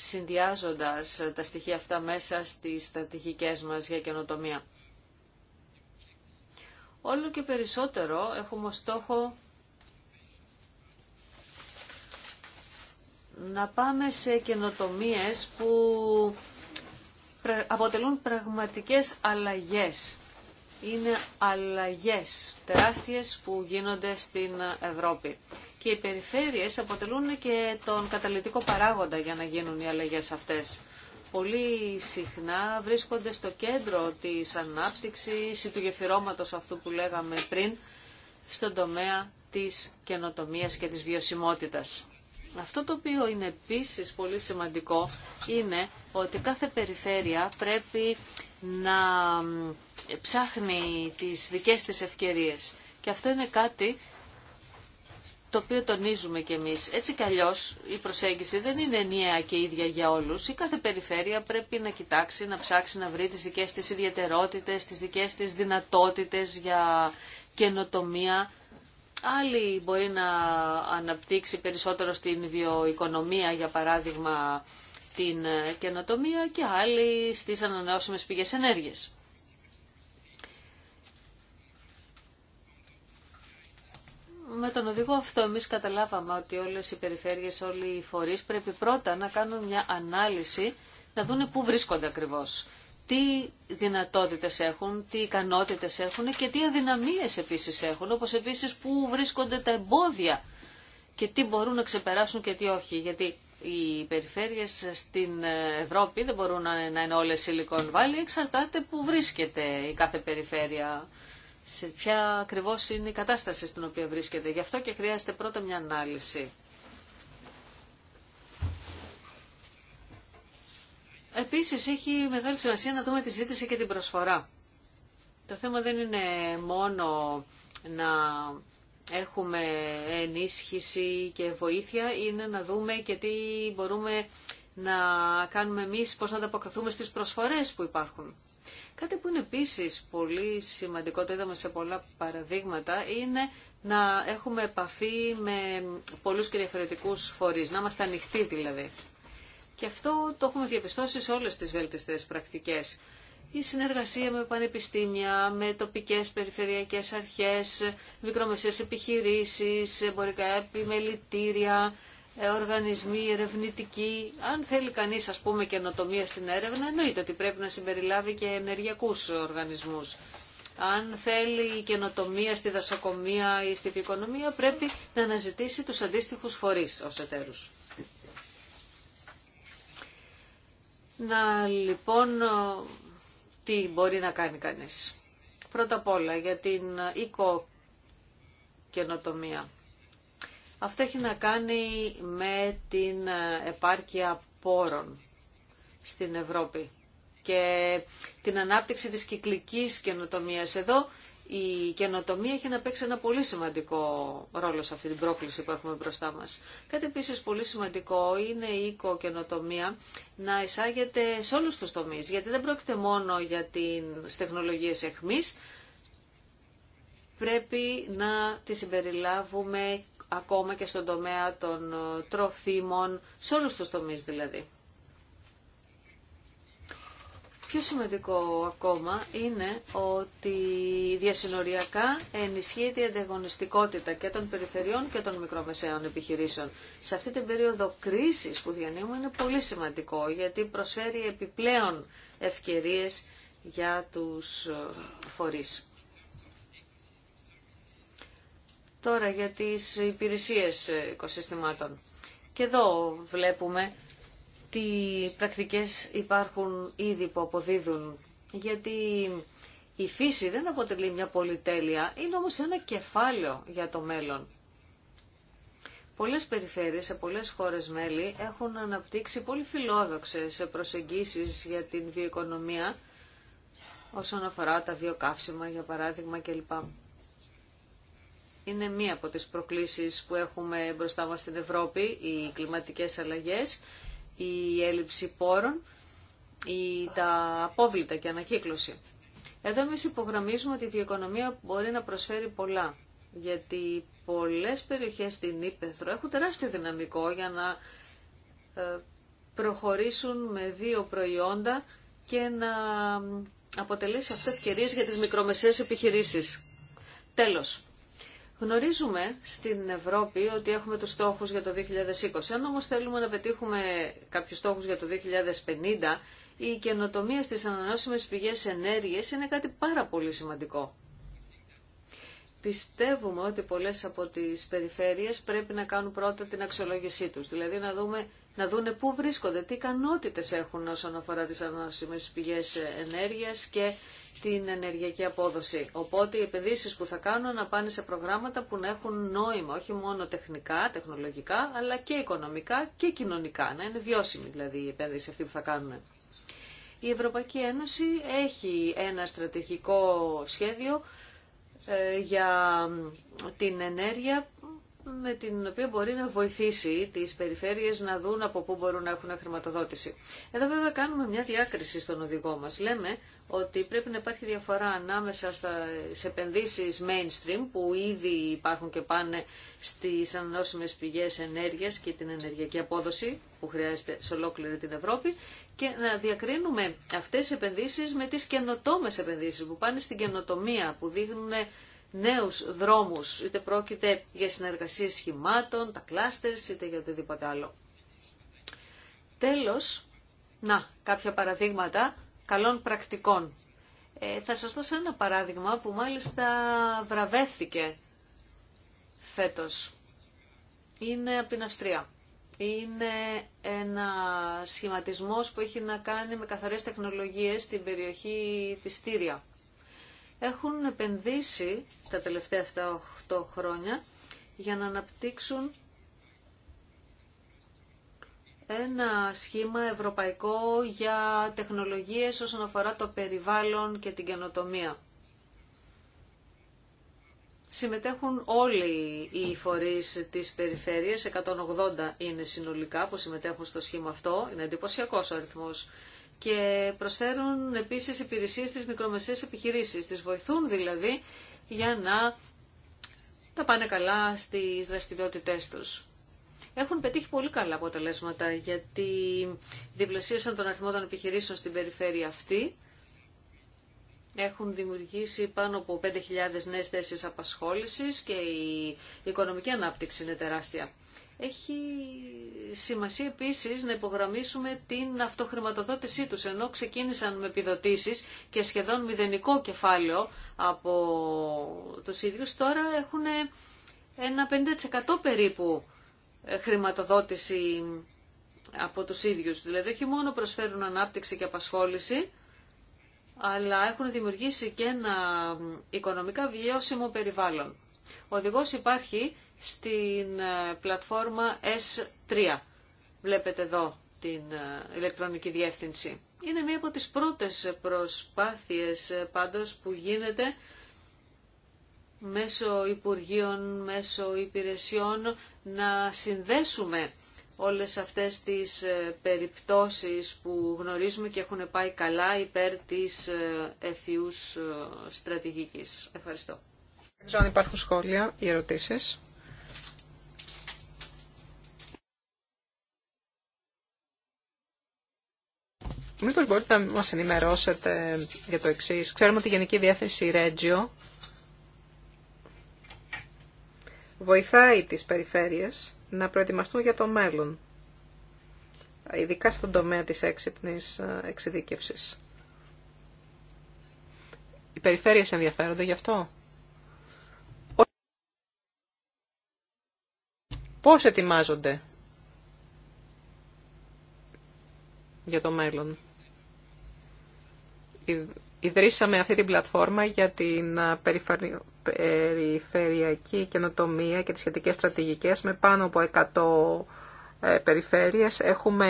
συνδυάζοντας ε, τα στοιχεία αυτά μέσα στις στρατηγικές μας για καινοτομία. Όλο και περισσότερο έχουμε στόχο να πάμε σε καινοτομίες που αποτελούν πραγματικές αλλαγές. Είναι αλλαγές τεράστιες που γίνονται στην Ευρώπη και οι περιφέρειες αποτελούν και τον καταλητικό παράγοντα για να γίνουν οι αλλαγές αυτές. Πολύ συχνά βρίσκονται στο κέντρο της ανάπτυξης ή του γεφυρώματος αυτού που λέγαμε πριν, στον τομέα της καινοτομίας και της βιωσιμότητας. Αυτό το οποίο είναι επίσης πολύ σημαντικό είναι ότι κάθε περιφέρεια πρέπει να ψάχνει τις δικές της ευκαιρίες. Και αυτό είναι κάτι το οποίο τονίζουμε κι εμείς. Έτσι κι αλλιώς η προσέγγιση δεν είναι ενιαία και ίδια για όλους. Η κάθε περιφέρεια πρέπει να κοιτάξει, να ψάξει, να βρει τις δικές της ιδιαιτερότητες, τις δικές της δυνατότητες για καινοτομία. Άλλοι μπορεί να αναπτύξει περισσότερο στην βιοοικονομία, για παράδειγμα, την καινοτομία και άλλοι στις ανανεώσιμες πηγές ενέργειας. με τον οδηγό αυτό εμείς καταλάβαμε ότι όλες οι περιφέρειες, όλοι οι φορείς πρέπει πρώτα να κάνουν μια ανάλυση, να δούνε πού βρίσκονται ακριβώς. Τι δυνατότητες έχουν, τι ικανότητες έχουν και τι αδυναμίες επίσης έχουν, όπως επίσης πού βρίσκονται τα εμπόδια και τι μπορούν να ξεπεράσουν και τι όχι. Γιατί οι περιφέρειες στην Ευρώπη δεν μπορούν να είναι όλες Silicon Valley, εξαρτάται πού βρίσκεται η κάθε περιφέρεια σε ποια ακριβώς είναι η κατάσταση στην οποία βρίσκεται. Γι' αυτό και χρειάζεται πρώτα μια ανάλυση. Επίσης έχει μεγάλη σημασία να δούμε τη ζήτηση και την προσφορά. Το θέμα δεν είναι μόνο να έχουμε ενίσχυση και βοήθεια, είναι να δούμε και τι μπορούμε να κάνουμε εμείς, πώς να ανταποκριθούμε στις προσφορές που υπάρχουν. Κάτι που είναι επίση πολύ σημαντικό, το είδαμε σε πολλά παραδείγματα, είναι να έχουμε επαφή με πολλούς και διαφορετικού φορείς, να είμαστε ανοιχτοί δηλαδή. Και αυτό το έχουμε διαπιστώσει σε όλες τις βελτιστέ πρακτικές. Η συνεργασία με πανεπιστήμια, με τοπικές περιφερειακές αρχές, μικρομεσαίες επιχειρήσει, εμπορικά επιμελητήρια, οργανισμοί ερευνητικοί. Αν θέλει κανείς ας πούμε καινοτομία στην έρευνα, εννοείται ότι πρέπει να συμπεριλάβει και ενεργειακούς οργανισμούς. Αν θέλει καινοτομία στη δασοκομεία ή στη οικονομία, πρέπει να αναζητήσει τους αντίστοιχους φορείς ως εταίρους. Να λοιπόν, τι μπορεί να κάνει κανείς. Πρώτα απ' όλα για την οικοκαινοτομία. Αυτό έχει να κάνει με την ε, επάρκεια πόρων στην Ευρώπη και την ανάπτυξη της κυκλικής καινοτομίας. Εδώ η καινοτομία έχει να παίξει ένα πολύ σημαντικό ρόλο σε αυτή την πρόκληση που έχουμε μπροστά μας. Κάτι επίσης πολύ σημαντικό είναι η οικοκαινοτομία να εισάγεται σε όλους τους τομείς, γιατί δεν πρόκειται μόνο για τις τεχνολογίες εχμής, πρέπει να τη συμπεριλάβουμε ακόμα και στον τομέα των ε, τροφίμων, σε όλους τους τομείς δηλαδή. Πιο σημαντικό ακόμα είναι ότι διασυνοριακά ενισχύεται η ανταγωνιστικότητα και των περιφερειών και των μικρομεσαίων επιχειρήσεων. Σε αυτή την περίοδο κρίσης που διανύουμε είναι πολύ σημαντικό γιατί προσφέρει επιπλέον ευκαιρίες για τους ε, φορείς. Τώρα για τις υπηρεσίες οικοσυστημάτων. Και εδώ βλέπουμε τι πρακτικές υπάρχουν ήδη που αποδίδουν. Γιατί η φύση δεν αποτελεί μια πολυτέλεια, είναι όμως ένα κεφάλαιο για το μέλλον. Πολλές περιφέρειες σε πολλές χώρες μέλη έχουν αναπτύξει πολύ φιλόδοξες προσεγγίσεις για την βιοοικονομία όσον αφορά τα βιοκαύσιμα για παράδειγμα κλπ είναι μία από τις προκλήσεις που έχουμε μπροστά μας στην Ευρώπη, οι κλιματικές αλλαγές, η έλλειψη πόρων, η, τα απόβλητα και ανακύκλωση. Εδώ εμείς υπογραμμίζουμε ότι η βιοοικονομία μπορεί να προσφέρει πολλά, γιατί πολλές περιοχές στην Ήπεθρο έχουν τεράστιο δυναμικό για να ε, προχωρήσουν με δύο προϊόντα και να αποτελέσει αυτό ευκαιρίες για τις μικρομεσαίες επιχειρήσεις. Τέλος, Γνωρίζουμε στην Ευρώπη ότι έχουμε τους στόχους για το 2020. Αν όμως θέλουμε να πετύχουμε κάποιους στόχους για το 2050, η καινοτομία στις ανανεώσιμες πηγές ενέργειας είναι κάτι πάρα πολύ σημαντικό. Πιστεύουμε ότι πολλές από τις περιφέρειες πρέπει να κάνουν πρώτα την αξιολόγησή τους, δηλαδή να, δούμε, να δούνε πού βρίσκονται, τι ικανότητες έχουν όσον αφορά τις ανανεώσιμες πηγές ενέργειας και την ενεργειακή απόδοση. Οπότε οι επενδύσεις που θα κάνουν να πάνε σε προγράμματα που να έχουν νόημα, όχι μόνο τεχνικά, τεχνολογικά, αλλά και οικονομικά και κοινωνικά, να είναι βιώσιμη δηλαδή η επένδυση αυτή που θα κάνουν. Η Ευρωπαϊκή Ένωση έχει ένα στρατηγικό σχέδιο ε, για την ενέργεια με την οποία μπορεί να βοηθήσει τις περιφέρειες να δουν από πού μπορούν να έχουν χρηματοδότηση. Εδώ βέβαια κάνουμε μια διάκριση στον οδηγό μας. Λέμε ότι πρέπει να υπάρχει διαφορά ανάμεσα σε επενδύσεις mainstream που ήδη υπάρχουν και πάνε στις ανανεώσιμε πηγές ενέργειας και την ενεργειακή απόδοση που χρειάζεται σε ολόκληρη την Ευρώπη και να διακρίνουμε αυτές τις επενδύσεις με τις καινοτόμες επενδύσεις που πάνε στην καινοτομία, που δείχνουν νέους δρόμους, είτε πρόκειται για συνεργασίες σχημάτων, τα κλάστερς, είτε για οτιδήποτε άλλο. Τέλος, να, κάποια παραδείγματα καλών πρακτικών. Ε, θα σας δώσω ένα παράδειγμα που μάλιστα βραβεύθηκε φέτος. Είναι από την Αυστρία. Είναι ένα σχηματισμός που έχει να κάνει με καθαρές τεχνολογίες στην περιοχή της Στήρια έχουν επενδύσει τα τελευταία 7-8 χρόνια για να αναπτύξουν ένα σχήμα ευρωπαϊκό για τεχνολογίες όσον αφορά το περιβάλλον και την καινοτομία. Συμμετέχουν όλοι οι φορείς της περιφέρειας, 180 είναι συνολικά που συμμετέχουν στο σχήμα αυτό, είναι εντυπωσιακό ο αριθμός και προσφέρουν επίσης υπηρεσίες στις μικρομεσαίες επιχειρήσεις. Τις βοηθούν δηλαδή για να τα πάνε καλά στις δραστηριότητές τους. Έχουν πετύχει πολύ καλά αποτελέσματα γιατί διπλασίασαν τον αριθμό των επιχειρήσεων στην περιφέρεια αυτή. Έχουν δημιουργήσει πάνω από 5.000 νέες θέσεις απασχόλησης και η οικονομική ανάπτυξη είναι τεράστια. Έχει σημασία επίσης να υπογραμμίσουμε την αυτοχρηματοδότησή τους, ενώ ξεκίνησαν με επιδοτήσεις και σχεδόν μηδενικό κεφάλαιο από τους ίδιους, τώρα έχουν ένα 50% περίπου ε, χρηματοδότηση από τους ίδιους. Δηλαδή όχι μόνο προσφέρουν ανάπτυξη και απασχόληση, αλλά έχουν δημιουργήσει και ένα οικονομικά βιώσιμο περιβάλλον. Ο οδηγός υπάρχει στην ε, πλατφόρμα S3. Βλέπετε εδώ την ε, ηλεκτρονική διεύθυνση. Είναι μία από τις πρώτες προσπάθειες ε, πάντως που γίνεται μέσω Υπουργείων, μέσω Υπηρεσιών να συνδέσουμε όλες αυτές τις περιπτώσεις που γνωρίζουμε και έχουν πάει καλά υπέρ της εθιούς στρατηγικής. Ευχαριστώ. υπάρχουν σχόλια ή ερωτήσεις. Μήπως μπορείτε να μας ενημερώσετε για το εξής. Ξέρουμε ότι η Γενική Διεύθυνση Ρέτζιο βοηθάει τις περιφέρειες να προετοιμαστούν για το μέλλον, ειδικά στον τομέα της έξυπνης ε, εξειδίκευσης. Οι περιφέρειες ενδιαφέρονται γι' αυτό. Πώς ετοιμάζονται για το μέλλον ιδρύσαμε αυτή την πλατφόρμα για την περιφερειακή καινοτομία και τις σχετικές στρατηγικές με πάνω από 100 ε, περιφέρειες. Έχουμε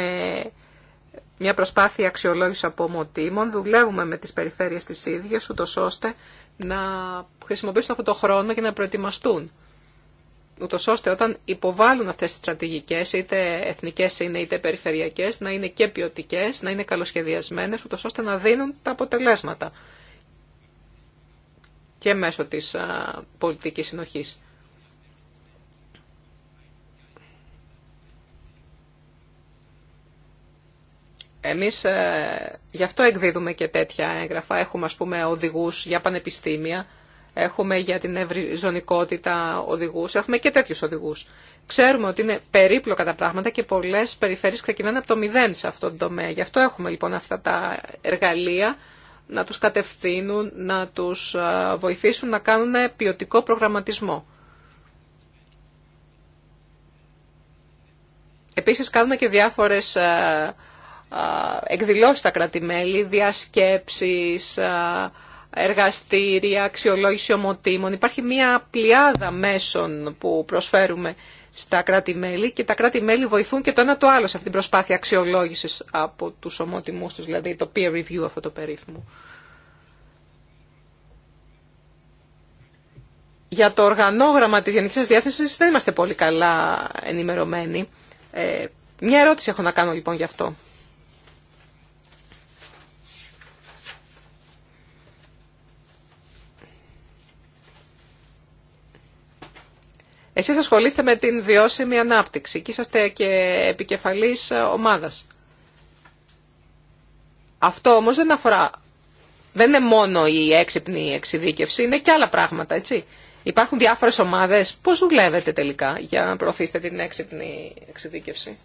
μια προσπάθεια αξιολόγηση από ομοτήμων. Δουλεύουμε με τις περιφέρειες τις ίδιες, ούτως ώστε να χρησιμοποιήσουν αυτό το χρόνο και να προετοιμαστούν ούτως ώστε όταν υποβάλλουν αυτές τις στρατηγικές, είτε εθνικές είναι είτε περιφερειακές, να είναι και ποιοτικέ, να είναι καλοσχεδιασμένες, ούτως ώστε να δίνουν τα αποτελέσματα και μέσω της πολιτικής συνοχής. Εμείς ε, γι' αυτό εκδίδουμε και τέτοια έγγραφα. Έχουμε, ας πούμε, οδηγούς για πανεπιστήμια έχουμε για την ευρυζωνικότητα οδηγούς, έχουμε και τέτοιους οδηγούς. Ξέρουμε ότι είναι περίπλοκα τα πράγματα και πολλές περιφέρειες ξεκινάνε από το μηδέν σε αυτόν τον τομέα. Γι' αυτό έχουμε λοιπόν αυτά τα εργαλεία να τους κατευθύνουν, να τους βοηθήσουν να κάνουν ποιοτικό προγραμματισμό. Επίσης κάνουμε και διάφορες εκδηλώσεις στα κρατημέλη, διασκέψεις, εργαστήρια, αξιολόγηση ομοτήμων. Υπάρχει μια πλειάδα μέσων που προσφέρουμε στα κράτη-μέλη και τα κράτη-μέλη βοηθούν και το ένα το άλλο σε αυτήν την προσπάθεια αξιολόγησης από τους ομότιμούς τους, δηλαδή το peer review αυτό το περίφημο. Για το οργανόγραμμα της Γενικής Διεύθυνσης δεν είμαστε πολύ καλά ενημερωμένοι. Ε, μια ερώτηση έχω να κάνω λοιπόν γι' αυτό. Εσείς ασχολείστε με την βιώσιμη ανάπτυξη και είσαστε και επικεφαλής ομάδας. Αυτό όμως δεν αφορά, δεν είναι μόνο η έξυπνη εξειδίκευση, είναι και άλλα πράγματα, έτσι. Υπάρχουν διάφορες ομάδες. Πώς δουλεύετε τελικά για να προωθήσετε την έξυπνη εξειδίκευση.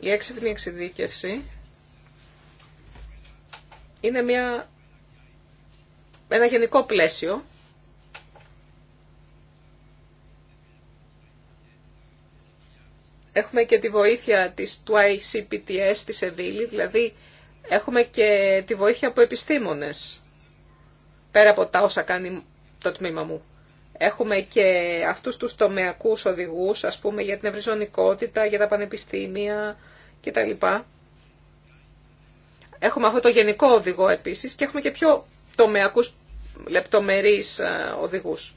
Η έξυπνη εξειδίκευση είναι μια, ένα γενικό πλαίσιο Έχουμε και τη βοήθεια της, του ICPTS στη Σεβίλη, δηλαδή έχουμε και τη βοήθεια από επιστήμονες, πέρα από τα όσα κάνει το τμήμα μου. Έχουμε και αυτούς τους τομεακούς οδηγούς, ας πούμε, για την ευρυζωνικότητα, για τα πανεπιστήμια κτλ. Έχουμε αυτό το γενικό οδηγό επίσης και έχουμε και πιο τομεακούς λεπτομερείς ε, οδηγούς.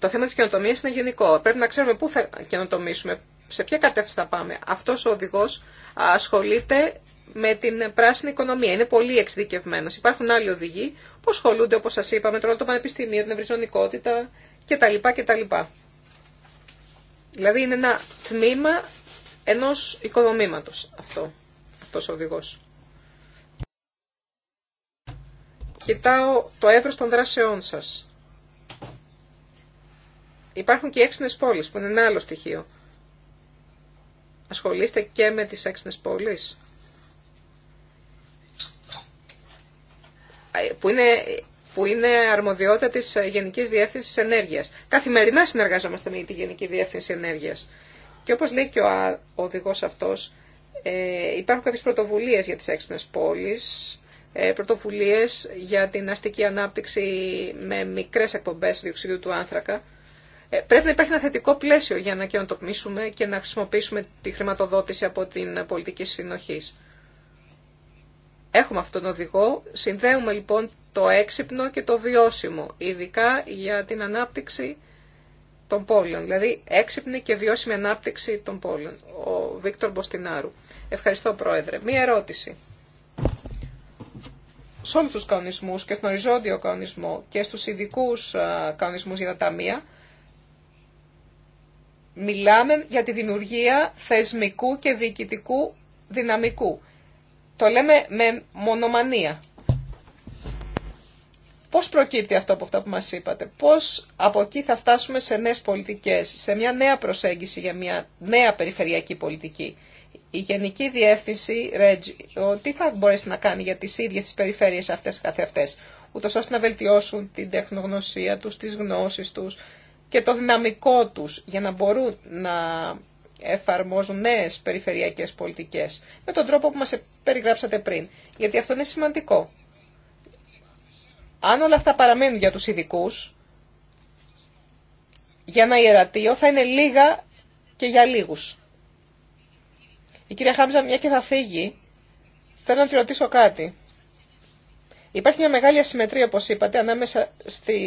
το θέμα της καινοτομίας είναι γενικό. Πρέπει να ξέρουμε πού θα καινοτομήσουμε, σε ποια κατεύθυνση θα πάμε. Αυτός ο οδηγός ασχολείται με την πράσινη οικονομία. Είναι πολύ εξειδικευμένο. Υπάρχουν άλλοι οδηγοί που ασχολούνται, όπως σας είπαμε, με το πανεπιστήμιο, την ευρυζωνικότητα κτλ. κτλ. Δηλαδή είναι ένα τμήμα ενός οικονομήματος αυτό αυτός ο οδηγό. Κοιτάω το εύρο των δράσεών σας. Υπάρχουν και οι έξυπνε πόλει που είναι ένα άλλο στοιχείο. Ασχολείστε και με τις έξυπνε πόλει. Που είναι, που είναι αρμοδιότητα της Γενικής διεύθυνση Ενέργειας. Καθημερινά συνεργαζόμαστε με τη Γενική Διεύθυνση Ενέργειας. Και όπως λέει και ο οδηγό αυτός, ε, υπάρχουν κάποιε πρωτοβουλίε για τις έξυπνε πόλεις, ε, για την αστική ανάπτυξη με μικρές εκπομπέ διοξιδίου του άνθρακα. Ε, πρέπει να υπάρχει ένα θετικό πλαίσιο για να καινοτομήσουμε και να χρησιμοποιήσουμε τη χρηματοδότηση από την πολιτική συνοχή. Έχουμε αυτόν τον οδηγό. Συνδέουμε λοιπόν το έξυπνο και το βιώσιμο, ειδικά για την ανάπτυξη των πόλεων. Δηλαδή έξυπνη και βιώσιμη ανάπτυξη των πόλεων. Ο Βίκτορ Μποστινάρου. Ευχαριστώ Πρόεδρε. Μία ερώτηση. Σε όλους τους κανονισμούς και στον οριζόντιο κανονισμό και στου ειδικού κανονισμούς για τα ταμεία, Μιλάμε για τη δημιουργία θεσμικού και διοικητικού δυναμικού. Το λέμε με μονομανία. Πώς προκύπτει αυτό από αυτά που μας είπατε, πώς από εκεί θα φτάσουμε σε νέες πολιτικές, σε μια νέα προσέγγιση για μια νέα περιφερειακή πολιτική. Η Γενική Διεύθυνση, Ρέτζι, τι θα μπορέσει να κάνει για τις ίδιες τις περιφέρειες αυτές καθεαυτές, ούτως ώστε να βελτιώσουν την τεχνογνωσία τους, τις γνώσεις τους, και το δυναμικό τους για να μπορούν να εφαρμόζουν νέες περιφερειακές πολιτικές με τον τρόπο που μας περιγράψατε πριν. Γιατί αυτό είναι σημαντικό. Αν όλα αυτά παραμένουν για τους ειδικού, για ένα ιερατείο θα είναι λίγα και για λίγους. Η κυρία Χάμζα, μια και θα φύγει, θέλω να τη ρωτήσω κάτι. Υπάρχει μια μεγάλη ασυμμετρία, όπως είπατε, ανάμεσα στη,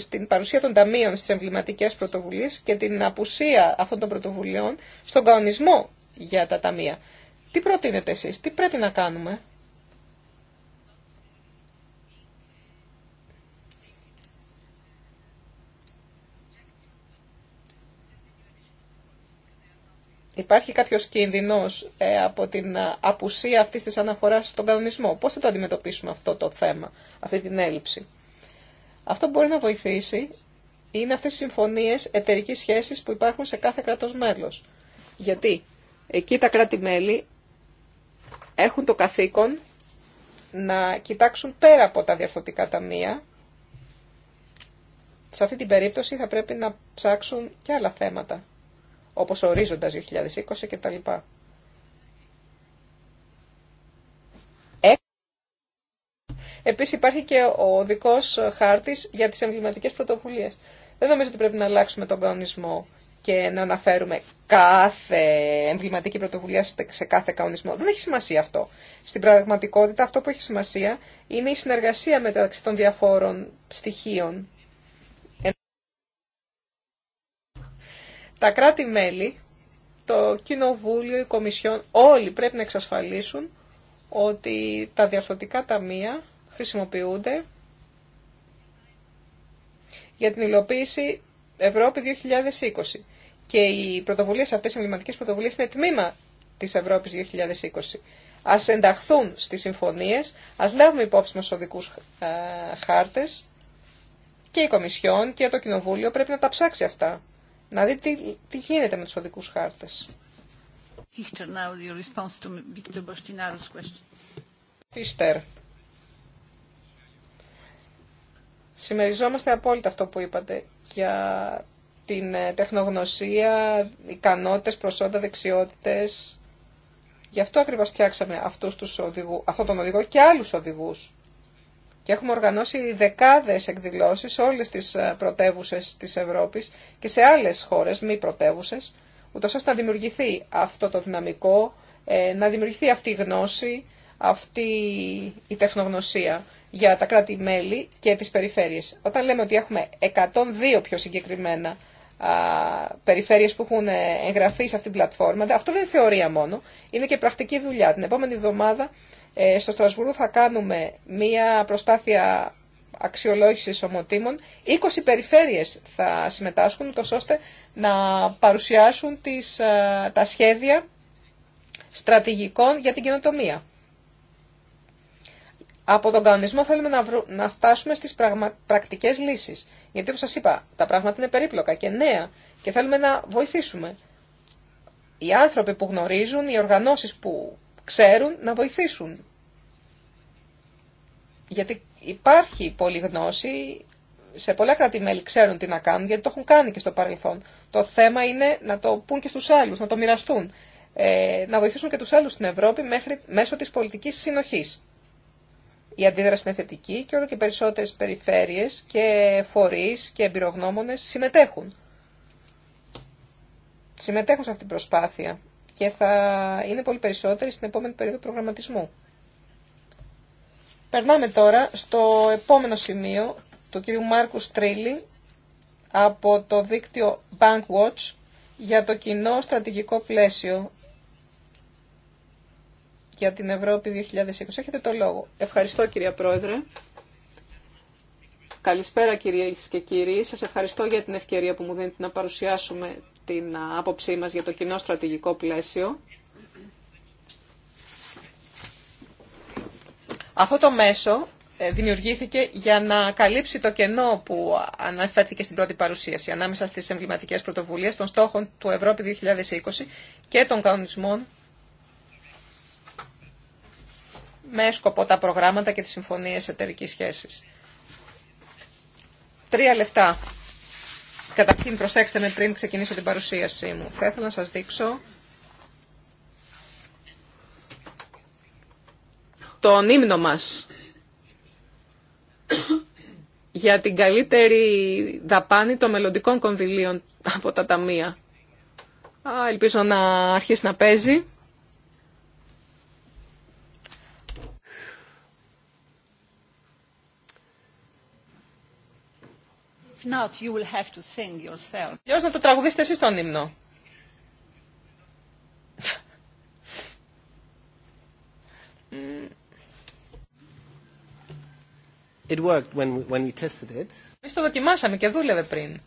στην παρουσία των ταμείων στις εμβληματικέ πρωτοβουλίες και την απουσία αυτών των πρωτοβουλίων στον κανονισμό για τα ταμεία. Τι προτείνετε εσεί, τι πρέπει να κάνουμε. Υπάρχει κάποιος κίνδυνος ε, από την ε, απουσία αυτής της αναφοράς στον κανονισμό. Πώς θα το αντιμετωπίσουμε αυτό το θέμα, αυτή την έλλειψη. Αυτό που μπορεί να βοηθήσει είναι αυτέ οι συμφωνίε εταιρική σχέσης που υπάρχουν σε κάθε κράτος μέλος. Γιατί εκεί τα κράτη-μέλη έχουν το καθήκον να κοιτάξουν πέρα από τα διαρθωτικά ταμεία. Σε αυτή την περίπτωση θα πρέπει να ψάξουν και άλλα θέματα όπως ορίζοντας 2020 κτλ. Ε, επίσης υπάρχει και ο δικός χάρτης για τις εμβληματικές πρωτοβουλίες. Δεν νομίζω ότι πρέπει να αλλάξουμε τον κανονισμό και να αναφέρουμε κάθε εμβληματική πρωτοβουλία σε κάθε κανονισμό. Δεν έχει σημασία αυτό. Στην πραγματικότητα αυτό που έχει σημασία είναι η συνεργασία μεταξύ των διαφόρων στοιχείων Τα κράτη-μέλη, το Κοινοβούλιο, η Κομισιόν, όλοι πρέπει να εξασφαλίσουν ότι τα διαρθωτικά ταμεία χρησιμοποιούνται για την υλοποίηση Ευρώπη 2020. Και οι πρωτοβουλίες αυτές, οι εμβληματικές πρωτοβουλίες, είναι τμήμα της Ευρώπης 2020. Ας ενταχθούν στις συμφωνίες, ας λάβουμε υπόψη μας οδικούς ε, χάρτες και η Κομισιόν και το Κοινοβούλιο πρέπει να τα ψάξει αυτά να δείτε τι, γίνεται με τους οδικούς χάρτες. Σημεριζόμαστε Συμμεριζόμαστε απόλυτα αυτό που είπατε για την ε, τεχνογνωσία, ικανότητες, προσόντα, δεξιότητες. Γι' αυτό ακριβώς φτιάξαμε αυτούς τους αυτόν τον οδηγό και άλλους οδηγούς και έχουμε οργανώσει δεκάδες εκδηλώσεις σε όλες τις ε, πρωτεύουσες της Ευρώπης και σε άλλες χώρες μη πρωτεύουσες, ούτως ώστε να δημιουργηθεί αυτό το δυναμικό, ε, να δημιουργηθεί αυτή η γνώση, αυτή η τεχνογνωσία για τα κράτη-μέλη και τις περιφέρειες. Όταν λέμε ότι έχουμε 102 πιο συγκεκριμένα περιφέρειες που έχουν εγγραφεί σε αυτήν την πλατφόρμα. Αυτό δεν είναι θεωρία μόνο, είναι και πρακτική δουλειά. Την επόμενη εβδομάδα ε, στο Στρασβούργο θα κάνουμε μία προσπάθεια αξιολόγησης ομοτήμων. 20 περιφέρειες θα συμμετάσχουν, ούτω ώστε να παρουσιάσουν τις, τα σχέδια στρατηγικών για την καινοτομία. Από τον κανονισμό θέλουμε να, να φτάσουμε στις πρακτικές λύσεις. Γιατί όπως σας είπα, τα πράγματα είναι περίπλοκα και νέα και θέλουμε να βοηθήσουμε. Οι άνθρωποι που γνωρίζουν, οι οργανώσεις που ξέρουν να βοηθήσουν. Γιατί υπάρχει πολλή γνώση, σε πολλά κράτη-μέλη ξέρουν τι να κάνουν, γιατί το έχουν κάνει και στο παρελθόν. Το θέμα είναι να το πούν και στους άλλους, να το μοιραστούν. Ε, να βοηθήσουν και τους άλλους στην Ευρώπη μέχρι, μέσω της πολιτικής συνοχής. Η αντίδραση είναι θετική και όλο και περισσότερες περιφέρειες και φορείς και εμπειρογνώμονες συμμετέχουν. Συμμετέχουν σε αυτή την προσπάθεια και θα είναι πολύ περισσότεροι στην επόμενη περίοδο προγραμματισμού. Περνάμε τώρα στο επόμενο σημείο του κ. Μάρκου Στρίλη από το δίκτυο Bankwatch για το κοινό στρατηγικό πλαίσιο για την Ευρώπη 2020. Έχετε το λόγο. Ευχαριστώ κυρία Πρόεδρε. Καλησπέρα κύριε και κύριοι. Σας ευχαριστώ για την ευκαιρία που μου δίνετε να παρουσιάσουμε την άποψή μας για το κοινό στρατηγικό πλαίσιο. Αυτό το μέσο ε, δημιουργήθηκε για να καλύψει το κενό που αναφέρθηκε στην πρώτη παρουσίαση ανάμεσα στις εμβληματικές πρωτοβουλίες των στόχων του Ευρώπη 2020 και των κανονισμών με σκοπό τα προγράμματα και τις συμφωνίες εταιρικής σχέσης. Τρία λεφτά. Καταρχήν προσέξτε με πριν ξεκινήσω την παρουσίασή μου. Θα ήθελα να σας δείξω τον ύμνο μας για την καλύτερη δαπάνη των μελλοντικών κονδυλίων από τα ταμεία. Α, ελπίζω να αρχίσει να παίζει. not, you will have to sing yourself. Ποιος να το τραγουδήσετε εσείς τον ύμνο. It worked when, when we tested it. Εμείς το δοκιμάσαμε και δούλευε πριν.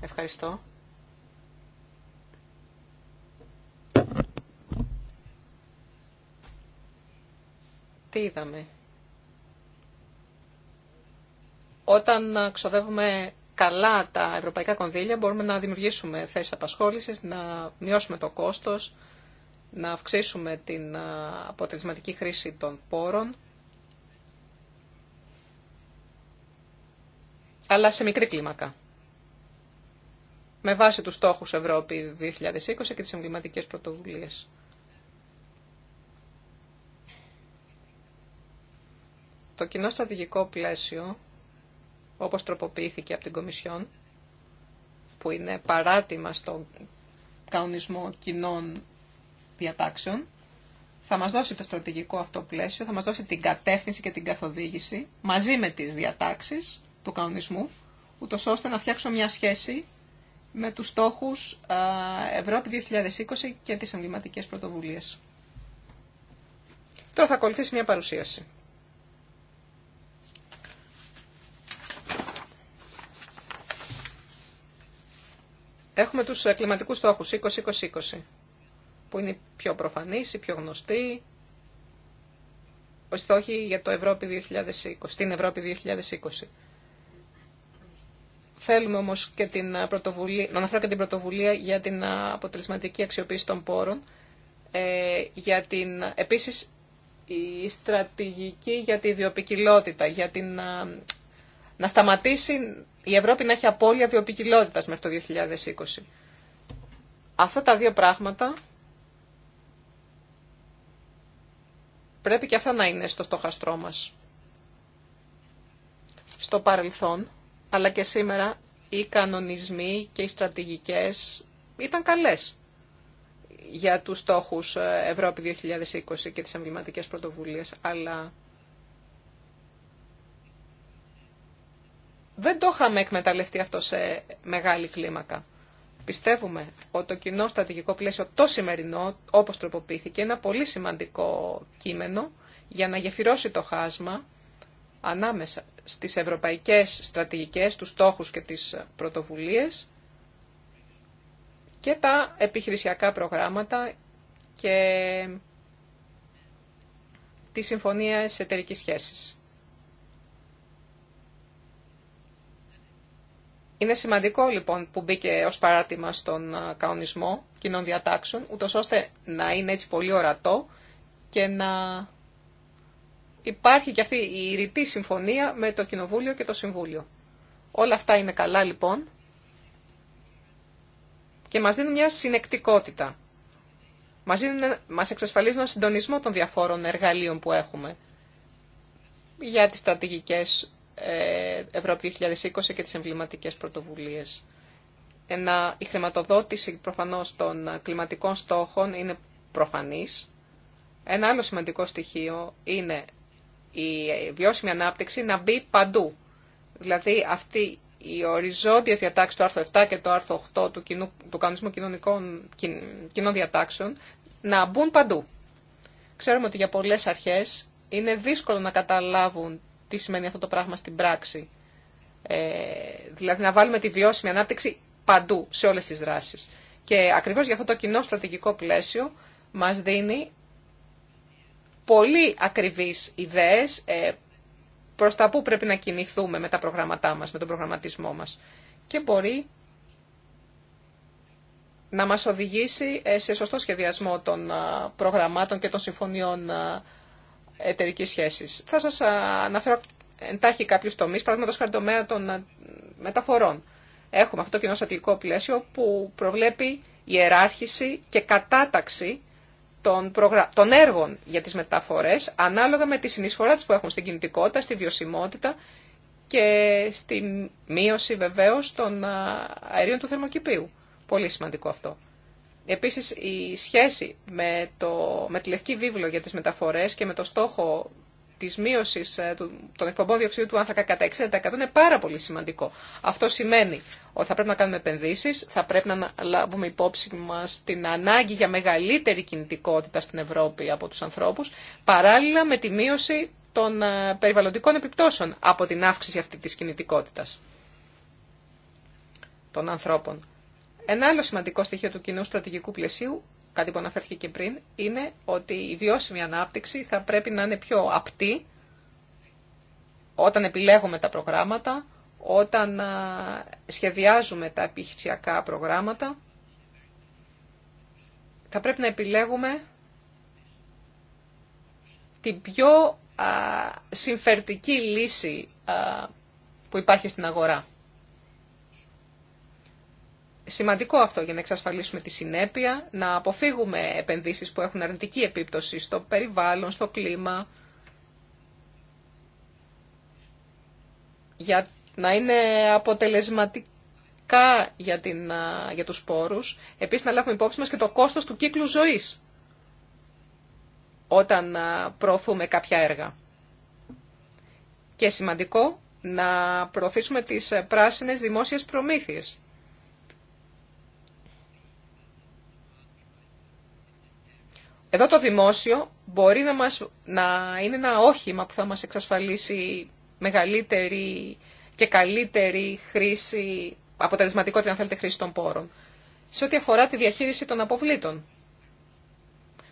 Ευχαριστώ. Τι είδαμε. Όταν ξοδεύουμε καλά τα ευρωπαϊκά κονδύλια μπορούμε να δημιουργήσουμε θέσεις απασχόλησης, να μειώσουμε το κόστος, να αυξήσουμε την ε, αποτελεσματική χρήση των πόρων αλλά σε μικρή κλίμακα. Με βάση τους στόχους Ευρώπη 2020 και τις εμβληματικές πρωτοβουλίες. Το κοινό στρατηγικό πλαίσιο, όπως τροποποιήθηκε από την Κομισιόν, που είναι παράτημα στον κανονισμό κοινών διατάξεων, θα μας δώσει το στρατηγικό αυτό πλαίσιο, θα μας δώσει την κατεύθυνση και την καθοδήγηση, μαζί με τις διατάξεις, του κανονισμού, ούτω ώστε να φτιάξουμε μια σχέση με τους στόχους Ευρώπη 2020 και τις εμβληματικές πρωτοβουλίες. Τώρα θα ακολουθήσει μια παρουσίαση. Έχουμε τους ε, κλιματικούς 2020 20 που είναι οι πιο προφανείς, οι πιο γνωστοί, οι στόχοι για το Ευρώπη 2020, την Ευρώπη 2020. Θέλουμε όμως και την ε, πρωτοβουλία, να αναφέρω και την πρωτοβουλία για την ε, αποτελεσματική αξιοποίηση των πόρων, ε, για την, ε, επίσης η στρατηγική για τη βιοπικιλότητα, για την, να, σταματήσει η Ευρώπη να έχει απώλεια βιοπικιλότητας μέχρι το 2020. Αυτά τα δύο πράγματα πρέπει και αυτά να είναι στο στόχαστρό μας. Στο παρελθόν, αλλά και σήμερα οι κανονισμοί και οι στρατηγικές ήταν καλές για τους στόχους ε, Ευρώπη 2020 και τις εμβληματικές πρωτοβουλίες, αλλά δεν το είχαμε εκμεταλλευτεί αυτό σε μεγάλη κλίμακα. Πιστεύουμε ότι το κοινό στρατηγικό πλαίσιο το σημερινό, όπως τροποποιήθηκε, είναι ένα πολύ σημαντικό κείμενο για να γεφυρώσει το χάσμα ανάμεσα στις ευρωπαϊκές στρατηγικές, τους στόχους και τις πρωτοβουλίες και τα επιχειρησιακά προγράμματα και τη συμφωνία εταιρικής σχέσης. Είναι σημαντικό λοιπόν που μπήκε ως παράτημα στον καονισμό κοινών διατάξεων, ούτως ώστε να είναι έτσι πολύ ορατό και να υπάρχει και αυτή η ρητή συμφωνία με το Κοινοβούλιο και το Συμβούλιο. Όλα αυτά είναι καλά λοιπόν και μας δίνουν μια συνεκτικότητα. Μας, δίνουν, μας εξασφαλίζουν ένα συντονισμό των διαφόρων εργαλείων που έχουμε για τις στρατηγικές ε, Ευρώπη 2020 και τις εμβληματικές πρωτοβουλίες. Ένα, η χρηματοδότηση προφανώς των κλιματικών στόχων είναι προφανής. Ένα άλλο σημαντικό στοιχείο είναι η βιώσιμη ανάπτυξη να μπει παντού. Δηλαδή αυτή οι οριζόντια διατάξη του άρθρου 7 και του άρθρου 8 του, κοινού, του κανονισμού κοινωνικών, κοινών διατάξεων να μπουν παντού. Ξέρουμε ότι για πολλές αρχές είναι δύσκολο να καταλάβουν τι σημαίνει αυτό το πράγμα στην πράξη. Ε, δηλαδή να βάλουμε τη βιώσιμη ανάπτυξη παντού, σε όλες τις δράσεις. Και ακριβώς για αυτό το κοινό στρατηγικό πλαίσιο μας δίνει πολύ ακριβείς ιδέες ε, προς τα που πρέπει να κινηθούμε με τα προγραμματά μας, με τον προγραμματισμό μας. Και μπορεί να μας οδηγήσει ε, σε σωστό σχεδιασμό των ε, προγραμμάτων και των συμφωνιών εταιρικής σχέσης. Θα σας αναφέρω εντάχει κάποιους τομείς, παραδείγματος το τομέα των μεταφορών. Έχουμε αυτό το κοινό στατικό πλαίσιο που προβλέπει ιεράρχηση και κατάταξη των, προγρα... των έργων για τις μεταφορές ανάλογα με τη συνεισφορά τους που έχουν στην κινητικότητα, στη βιωσιμότητα και στη μείωση βεβαίως των αερίων του θερμοκηπίου. Πολύ σημαντικό αυτό. Επίσης η σχέση με, το... με τη Λευκή Βίβλο για τις μεταφορές και με το στόχο τη μείωση ε, των εκπομπών διοξιδίου του άνθρακα κατά 60% είναι πάρα πολύ σημαντικό. Αυτό σημαίνει ότι θα πρέπει να κάνουμε επενδύσει, θα πρέπει να λάβουμε υπόψη μα την ανάγκη για μεγαλύτερη κινητικότητα στην Ευρώπη από του ανθρώπου, παράλληλα με τη μείωση των ε, περιβαλλοντικών επιπτώσεων από την αύξηση αυτή τη κινητικότητα των ανθρώπων. Ένα άλλο σημαντικό στοιχείο του κοινού στρατηγικού πλαισίου κάτι που αναφέρθηκε και πριν, είναι ότι η βιώσιμη ανάπτυξη θα πρέπει να είναι πιο απτή όταν επιλέγουμε τα προγράμματα, όταν σχεδιάζουμε τα επιχειρησιακά προγράμματα. Θα πρέπει να επιλέγουμε την πιο συμφερτική λύση που υπάρχει στην αγορά σημαντικό αυτό για να εξασφαλίσουμε τη συνέπεια, να αποφύγουμε επενδύσεις που έχουν αρνητική επίπτωση στο περιβάλλον, στο κλίμα, για να είναι αποτελεσματικά για, την, για τους πόρους. Επίσης να λάβουμε υπόψη μας και το κόστος του κύκλου ζωής όταν προωθούμε κάποια έργα. Και σημαντικό να προωθήσουμε τις ε, πράσινες δημόσιες προμήθειες. Εδώ το δημόσιο μπορεί να, μας, να είναι ένα όχημα που θα μας εξασφαλίσει μεγαλύτερη και καλύτερη χρήση, αποτελεσματικότητα αν θέλετε χρήση των πόρων. Σε ό,τι αφορά τη διαχείριση των αποβλήτων.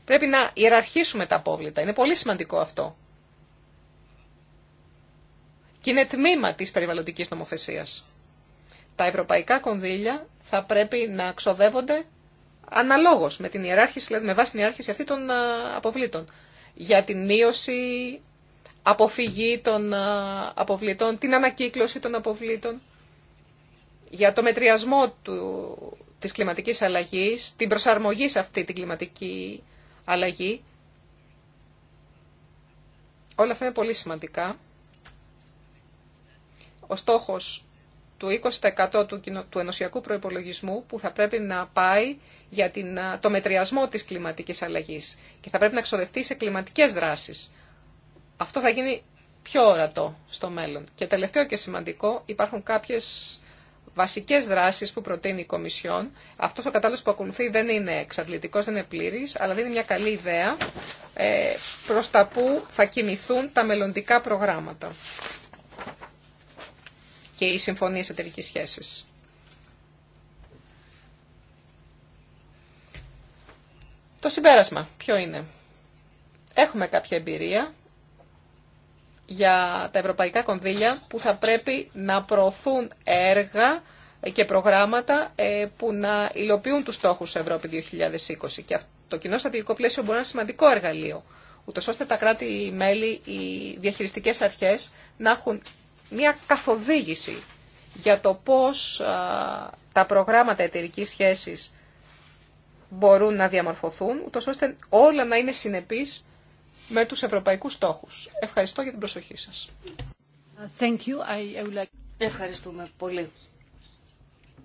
Πρέπει να ιεραρχήσουμε τα απόβλητα. Είναι πολύ σημαντικό αυτό. Και είναι τμήμα της περιβαλλοντικής νομοθεσίας. Τα ευρωπαϊκά κονδύλια θα πρέπει να ξοδεύονται αναλόγως με την ιεράρχηση, δηλαδή με βάση την ιεράρχηση αυτή των αποβλήτων. Για την μείωση, αποφυγή των αποβλήτων, την ανακύκλωση των αποβλήτων, για το μετριασμό του, της κλιματικής αλλαγής, την προσαρμογή σε αυτή την κλιματική αλλαγή. Όλα αυτά είναι πολύ σημαντικά. Ο στόχος του 20% του, του ενωσιακού προϋπολογισμού που θα πρέπει να πάει για την, το μετριασμό της κλιματικής αλλαγής και θα πρέπει να εξοδευτεί σε κλιματικές δράσεις. Αυτό θα γίνει πιο ορατό στο μέλλον. Και τελευταίο και σημαντικό, υπάρχουν κάποιες βασικές δράσεις που προτείνει η Κομισιόν. Αυτός ο κατάλληλος που ακολουθεί δεν είναι εξαντλητικός, δεν είναι πλήρης, αλλά δίνει μια καλή ιδέα ε, προς τα που θα κινηθούν τα μελλοντικά προγράμματα και οι συμφωνίε εταιρική σχέση. Το συμπέρασμα ποιο είναι. Έχουμε κάποια εμπειρία για τα ευρωπαϊκά κονδύλια που θα πρέπει να προωθούν έργα και προγράμματα ε, που να υλοποιούν τους στόχους Ευρώπη 2020. Και το κοινό στρατηγικό πλαίσιο μπορεί να είναι σημαντικό εργαλείο, ούτως ώστε τα κράτη-μέλη, οι διαχειριστικές αρχές να έχουν μια καθοδήγηση για το πώς τα προγράμματα εταιρική σχέσης μπορούν να διαμορφωθούν, ούτως ώστε όλα να είναι συνεπείς με τους ευρωπαϊκούς στόχους. Ευχαριστώ για την προσοχή σας. Thank you. I would like... Ευχαριστούμε πολύ.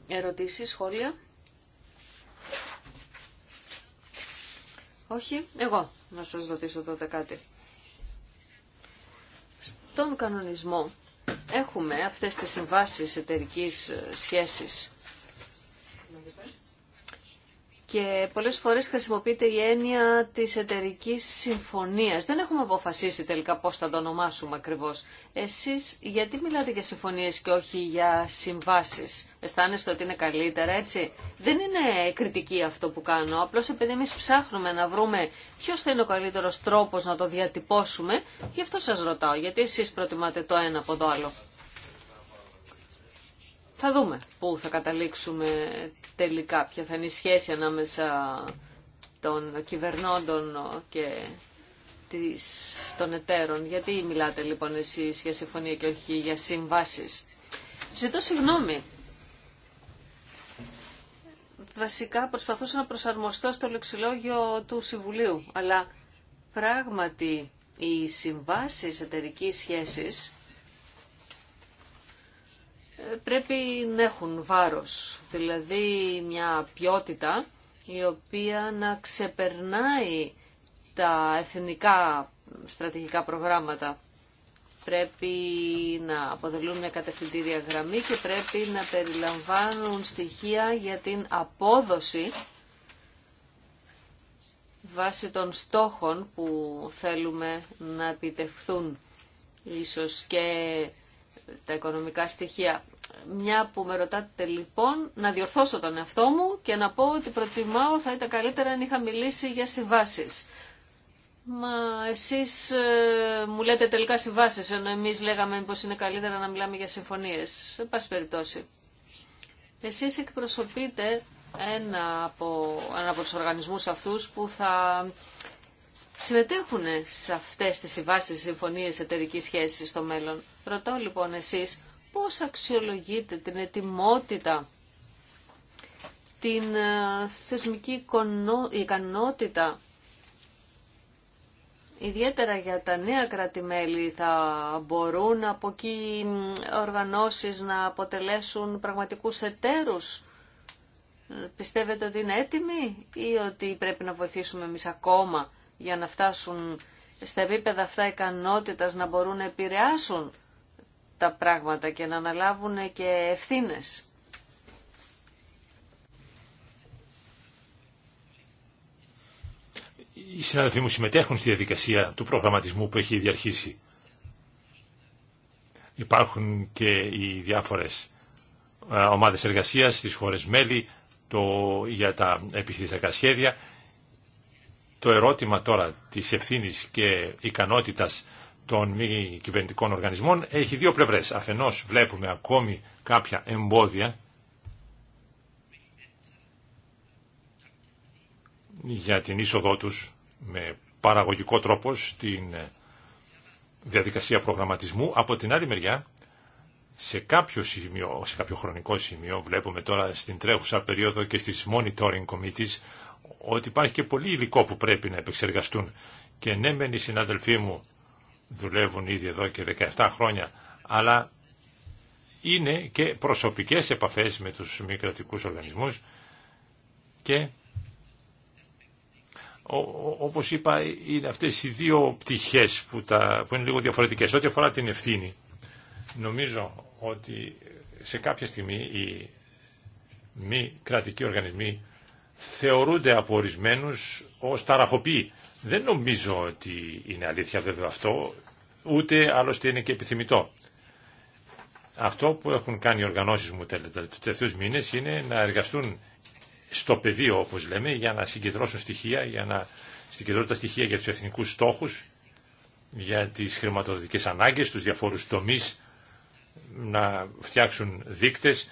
Ερωτήσεις, σχόλια. Όχι, εγώ να σας ρωτήσω τότε κάτι. Στον κανονισμό έχουμε αυτές τις συμβάσεις εταιρικής σχέσης και πολλές φορές χρησιμοποιείται η έννοια της εταιρική συμφωνίας. Δεν έχουμε αποφασίσει τελικά πώς θα το ονομάσουμε ακριβώς. Εσείς γιατί μιλάτε για συμφωνίες και όχι για συμβάσεις. Αισθάνεστε ότι είναι καλύτερα έτσι. Δεν είναι κριτική αυτό που κάνω. Απλώς επειδή εμεί ψάχνουμε να βρούμε ποιος θα είναι ο καλύτερος τρόπος να το διατυπώσουμε, γι' αυτό σας ρωτάω. Γιατί εσείς προτιμάτε το ένα από το άλλο. Θα δούμε πού θα καταλήξουμε τελικά, ποια θα είναι η σχέση ανάμεσα των κυβερνώντων και της, των εταίρων. Γιατί μιλάτε λοιπόν εσείς για συμφωνία και όχι για συμβάσεις. Ζητώ συγγνώμη. Βασικά προσπαθούσα να προσαρμοστώ στο λεξιλόγιο του Συμβουλίου, αλλά πράγματι οι συμβάσεις εταιρικής σχέσης πρέπει να έχουν βάρος, δηλαδή μια ποιότητα η οποία να ξεπερνάει τα εθνικά στρατηγικά προγράμματα. Πρέπει να αποτελούν μια κατευθυντήρια γραμμή και πρέπει να περιλαμβάνουν στοιχεία για την απόδοση βάσει των στόχων που θέλουμε να επιτευχθούν. Ίσως και τα οικονομικά στοιχεία. Μια που με ρωτάτε λοιπόν να διορθώσω τον εαυτό μου και να πω ότι προτιμάω θα ήταν καλύτερα αν είχα μιλήσει για συμβάσει. Μα εσείς ε, μου λέτε τελικά συμβάσεις, ενώ εμείς λέγαμε πως είναι καλύτερα να μιλάμε για συμφωνίες. Σε πάση περιπτώσει. Εσείς εκπροσωπείτε ένα από, ένα από τους οργανισμούς αυτούς που θα συμμετέχουν σε αυτές τις συμβάσεις, συμφωνίες, εταιρική σχέση στο μέλλον. Ρωτάω λοιπόν εσείς πώς αξιολογείτε την ετοιμότητα, την ε, θεσμική ικανότητα, ιδιαίτερα για τα νέα θα μπορούν από εκεί οργανώσεις να αποτελέσουν πραγματικούς εταίρους. Πιστεύετε ότι είναι έτοιμοι ή ότι πρέπει να βοηθήσουμε εμείς ακόμα για να φτάσουν στα επίπεδα αυτά ικανότητας να μπορούν να επηρεάσουν τα πράγματα και να αναλάβουν και ευθύνες. Οι συναδελφοί μου συμμετέχουν στη διαδικασία του προγραμματισμού που έχει διαρχίσει. Υπάρχουν και οι διάφορες ε, ομάδες εργασίας στις χώρες μέλη το, για τα επιχειρησιακά σχέδια. Το ερώτημα τώρα της ευθύνης και ικανότητας των μη κυβερνητικών οργανισμών έχει δύο πλευρές. Αφενός βλέπουμε ακόμη κάποια εμπόδια για την είσοδό τους με παραγωγικό τρόπο στην διαδικασία προγραμματισμού. Από την άλλη μεριά, σε κάποιο, σημείο, σε κάποιο χρονικό σημείο, βλέπουμε τώρα στην τρέχουσα περίοδο και στις monitoring committees, ότι υπάρχει και πολύ υλικό που πρέπει να επεξεργαστούν. Και ναι, μεν οι συνάδελφοί μου δουλεύουν ήδη εδώ και 17 χρόνια, αλλά είναι και προσωπικές επαφές με τους μη κρατικού οργανισμούς και όπως είπα είναι αυτές οι δύο πτυχές που, τα, που είναι λίγο διαφορετικές. Ό,τι αφορά την ευθύνη, νομίζω ότι σε κάποια στιγμή οι μη κρατικοί οργανισμοί θεωρούνται από ορισμένου ως ταραχοποιοί. Δεν νομίζω ότι είναι αλήθεια βέβαια αυτό ούτε άλλωστε είναι και επιθυμητό. Αυτό που έχουν κάνει οι οργανώσεις μου τους τελευταίους μήνες είναι να εργαστούν στο πεδίο όπως λέμε για να συγκεντρώσουν στοιχεία, για να συγκεντρώσουν τα στοιχεία για τους εθνικούς στόχους, για τις χρηματοδοτικές ανάγκες, τους διαφόρους τομείς, να φτιάξουν δείκτες.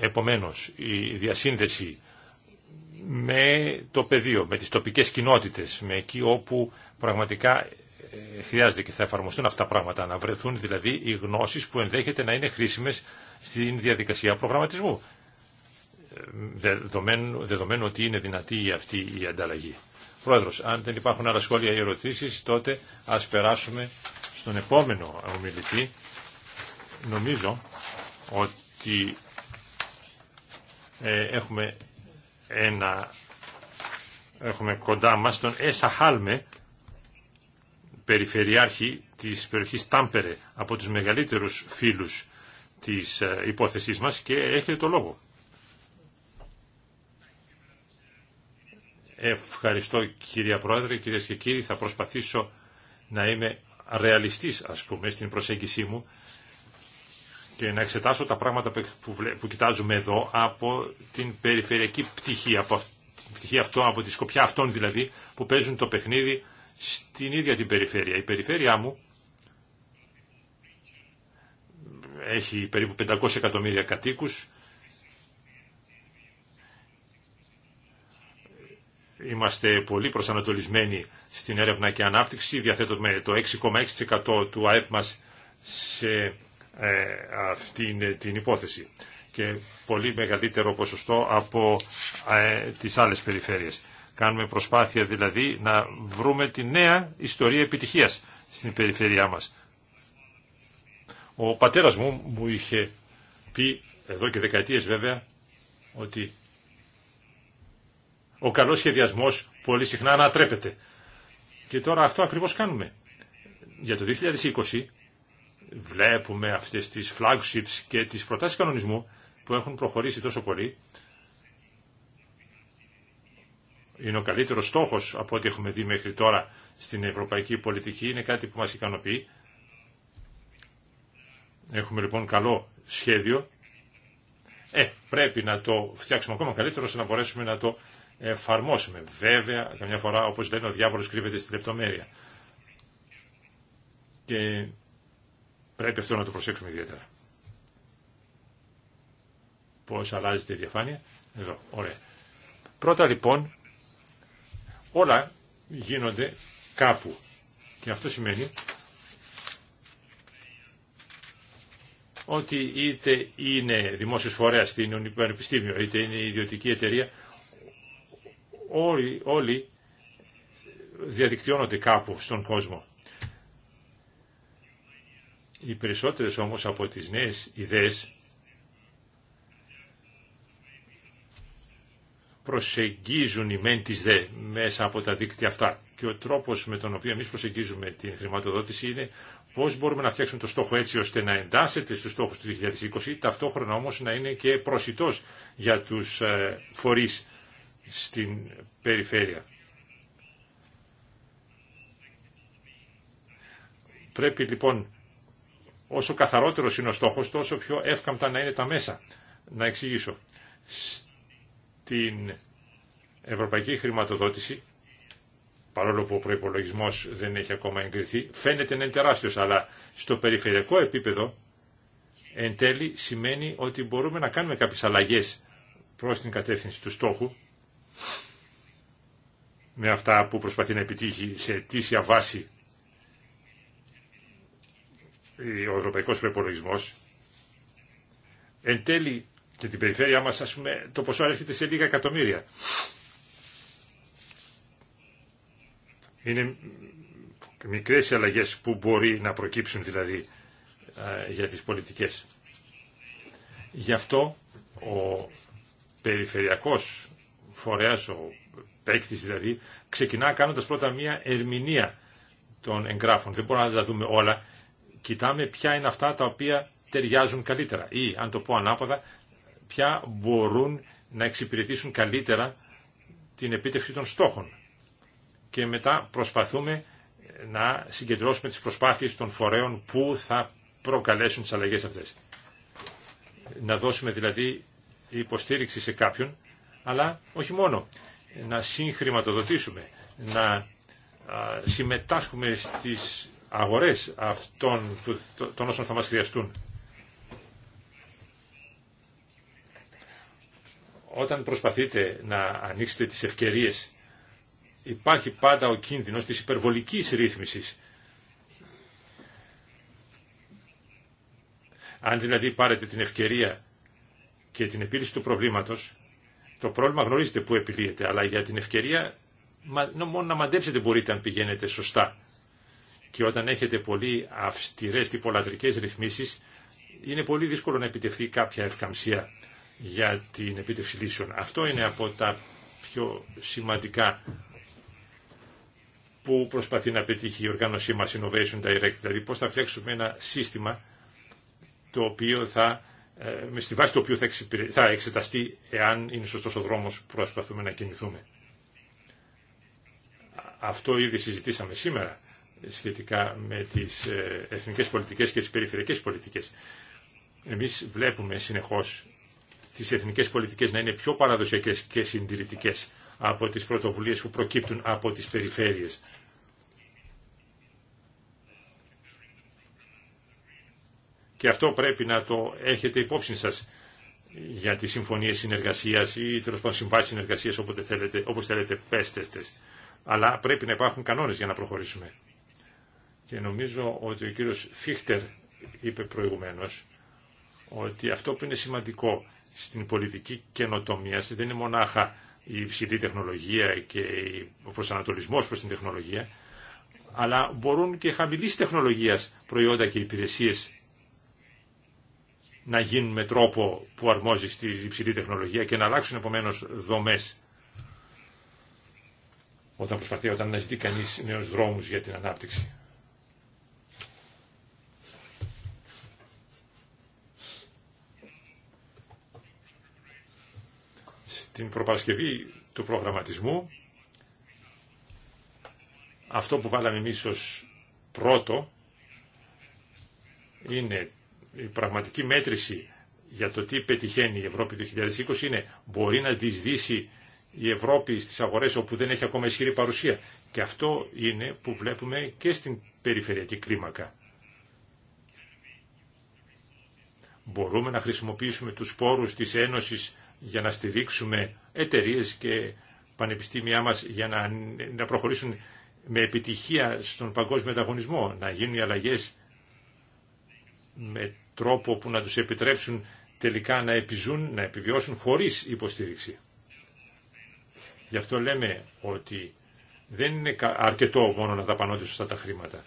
Επομένως, η διασύνδεση με το πεδίο, με τις τοπικές κοινότητες, με εκεί όπου πραγματικά ε, χρειάζεται και θα εφαρμοστούν αυτά τα πράγματα, να βρεθούν δηλαδή οι γνώσεις που ενδέχεται να είναι χρήσιμες στην διαδικασία προγραμματισμού, ε, δεδομένου, ότι είναι δυνατή αυτή η ανταλλαγή. Πρόεδρος, αν δεν υπάρχουν άλλα σχόλια ή ερωτήσεις, τότε ας περάσουμε στον επόμενο ομιλητή. Νομίζω ότι ε, έχουμε ένα, έχουμε κοντά μας τον Έσα Χάλμε, περιφερειάρχη της περιοχής Τάμπερε, από τους μεγαλύτερους φίλους της ε, υπόθεσής μας και έχετε το λόγο. Ευχαριστώ κυρία Πρόεδρε, κυρίες και κύριοι. Θα προσπαθήσω να είμαι ρεαλιστής, ας πούμε, στην προσέγγισή μου και να εξετάσω τα πράγματα που κοιτάζουμε εδώ από την περιφερειακή πτυχή, από την αυτό, από τη σκοπιά αυτών δηλαδή, που παίζουν το παιχνίδι στην ίδια την περιφέρεια. Η περιφέρειά μου έχει περίπου 500 εκατομμύρια κατοίκους. Είμαστε πολύ προσανατολισμένοι στην έρευνα και ανάπτυξη. Διαθέτουμε το 6,6% του ΑΕΠ μας σε ε, αυτή την υπόθεση και πολύ μεγαλύτερο ποσοστό από ε, τις άλλες περιφέρειες. Κάνουμε προσπάθεια δηλαδή να βρούμε τη νέα ιστορία επιτυχίας στην περιφέρειά μας. Ο πατέρας μου μου είχε πει εδώ και δεκαετίες βέβαια ότι ο καλός σχεδιασμός πολύ συχνά ανατρέπεται. Και τώρα αυτό ακριβώς κάνουμε. Για το 2020 βλέπουμε αυτές τις flagships και τις προτάσεις κανονισμού που έχουν προχωρήσει τόσο πολύ. Είναι ο καλύτερος στόχος από ό,τι έχουμε δει μέχρι τώρα στην ευρωπαϊκή πολιτική. Είναι κάτι που μας ικανοποιεί. Έχουμε λοιπόν καλό σχέδιο. Ε, πρέπει να το φτιάξουμε ακόμα καλύτερο ώστε να μπορέσουμε να το εφαρμόσουμε. Βέβαια, καμιά φορά, όπως λένε, ο διάβολος κρύβεται στη λεπτομέρεια. Και Πρέπει αυτό να το προσέξουμε ιδιαίτερα. Πώς αλλάζεται η διαφάνεια. Εδώ, ωραία. Πρώτα λοιπόν, όλα γίνονται κάπου. Και αυτό σημαίνει ότι είτε είναι δημόσιος φορέας στην πανεπιστήμιο, είτε είναι ιδιωτική εταιρεία, όλοι, όλοι διαδικτυώνονται κάπου στον κόσμο. Οι περισσότερες όμως από τις νέες ιδέες προσεγγίζουν οι μεν δε μέσα από τα δίκτυα αυτά. Και ο τρόπος με τον οποίο εμείς προσεγγίζουμε την χρηματοδότηση είναι πώς μπορούμε να φτιάξουμε το στόχο έτσι ώστε να εντάσσεται στους στόχους του 2020, ταυτόχρονα όμως να είναι και προσιτός για τους ε, φορείς στην περιφέρεια. Πρέπει λοιπόν όσο καθαρότερος είναι ο στόχος, τόσο πιο εύκαμπτα να είναι τα μέσα. Να εξηγήσω. Στην ευρωπαϊκή χρηματοδότηση, παρόλο που ο προπολογισμό δεν έχει ακόμα εγκριθεί, φαίνεται να είναι τεράστιος, αλλά στο περιφερειακό επίπεδο, εν τέλει σημαίνει ότι μπορούμε να κάνουμε κάποιες αλλαγές προς την κατεύθυνση του στόχου, με αυτά που προσπαθεί να επιτύχει σε αιτήσια βάση ε, ο ευρωπαϊκό προπολογισμό. Εν τέλει και την περιφέρειά μα το ποσό έρχεται σε λίγα εκατομμύρια. Είναι μικρές οι αλλαγές που μπορεί να προκύψουν δηλαδή ε, για τις πολιτικές. Γι' αυτό ο περιφερειακός φορέας, ο παίκτη δηλαδή, ξεκινά κάνοντας πρώτα μία ερμηνεία των εγγράφων. Δεν μπορούμε να τα δούμε όλα κοιτάμε ποια είναι αυτά τα οποία ταιριάζουν καλύτερα ή, αν το πω ανάποδα, ποια μπορούν να εξυπηρετήσουν καλύτερα την επίτευξη των στόχων. Και μετά προσπαθούμε να συγκεντρώσουμε τις προσπάθειες των φορέων που θα προκαλέσουν τις αλλαγές αυτές. Να δώσουμε δηλαδή υποστήριξη σε κάποιον, αλλά όχι μόνο. Να συγχρηματοδοτήσουμε, να συμμετάσχουμε στις αγορές αυτών των όσων θα μας χρειαστούν. Όταν προσπαθείτε να ανοίξετε τις ευκαιρίες υπάρχει πάντα ο κίνδυνος της υπερβολικής ρύθμισης. Αν δηλαδή πάρετε την ευκαιρία και την επίλυση του προβλήματος, το πρόβλημα γνωρίζετε που επιλύεται, αλλά για την ευκαιρία μόνο να μαντέψετε μπορείτε αν πηγαίνετε σωστά και όταν έχετε πολύ αυστηρές τυπολατρικές ρυθμίσεις είναι πολύ δύσκολο να επιτευχθεί κάποια ευκαμψία για την επίτευξη λύσεων. Αυτό είναι από τα πιο σημαντικά που προσπαθεί να πετύχει η οργάνωσή μας Innovation Direct, δηλαδή πώς θα φτιάξουμε ένα σύστημα το οποίο θα, ε, με στη βάση του οποίου θα, εξεταστεί εάν είναι σωστός ο δρόμος που προσπαθούμε να κινηθούμε. Αυτό ήδη συζητήσαμε σήμερα σχετικά με τις ε, εθνικές πολιτικές και τις περιφερειακές πολιτικές. Εμείς βλέπουμε συνεχώς τις εθνικές πολιτικές να είναι πιο παραδοσιακές και συντηρητικές από τις πρωτοβουλίες που προκύπτουν από τις περιφέρειες. Και αυτό πρέπει να το έχετε υπόψη σας για τις συμφωνίες συνεργασίας ή τέλος πάντων συμβάσεις συνεργασίας θέλετε, όπως θέλετε πέστε Αλλά πρέπει να υπάρχουν κανόνες για να προχωρήσουμε. Και νομίζω ότι ο κύριος Φίχτερ είπε προηγουμένως ότι αυτό που είναι σημαντικό στην πολιτική καινοτομία δεν είναι μονάχα η υψηλή τεχνολογία και ο προσανατολισμός προς την τεχνολογία, αλλά μπορούν και χαμηλής τεχνολογίας προϊόντα και υπηρεσίες να γίνουν με τρόπο που αρμόζει στη υψηλή τεχνολογία και να αλλάξουν επομένω δομέ. Όταν προσπαθεί, όταν αναζητεί κανεί νέου δρόμου για την ανάπτυξη. την προπαρασκευή του προγραμματισμού, αυτό που βάλαμε εμείς πρώτο είναι η πραγματική μέτρηση για το τι πετυχαίνει η Ευρώπη το 2020 είναι μπορεί να διεισδύσει η Ευρώπη στις αγορές όπου δεν έχει ακόμα ισχυρή παρουσία. Και αυτό είναι που βλέπουμε και στην περιφερειακή κλίμακα. Μπορούμε να χρησιμοποιήσουμε τους πόρους της Ένωσης για να στηρίξουμε εταιρείε και πανεπιστήμια μας για να, να προχωρήσουν με επιτυχία στον παγκόσμιο ανταγωνισμό, να γίνουν οι αλλαγές με τρόπο που να τους επιτρέψουν τελικά να επιζούν, να επιβιώσουν χωρίς υποστήριξη. Γι' αυτό λέμε ότι δεν είναι αρκετό μόνο να δαπανώνται σωστά τα χρήματα.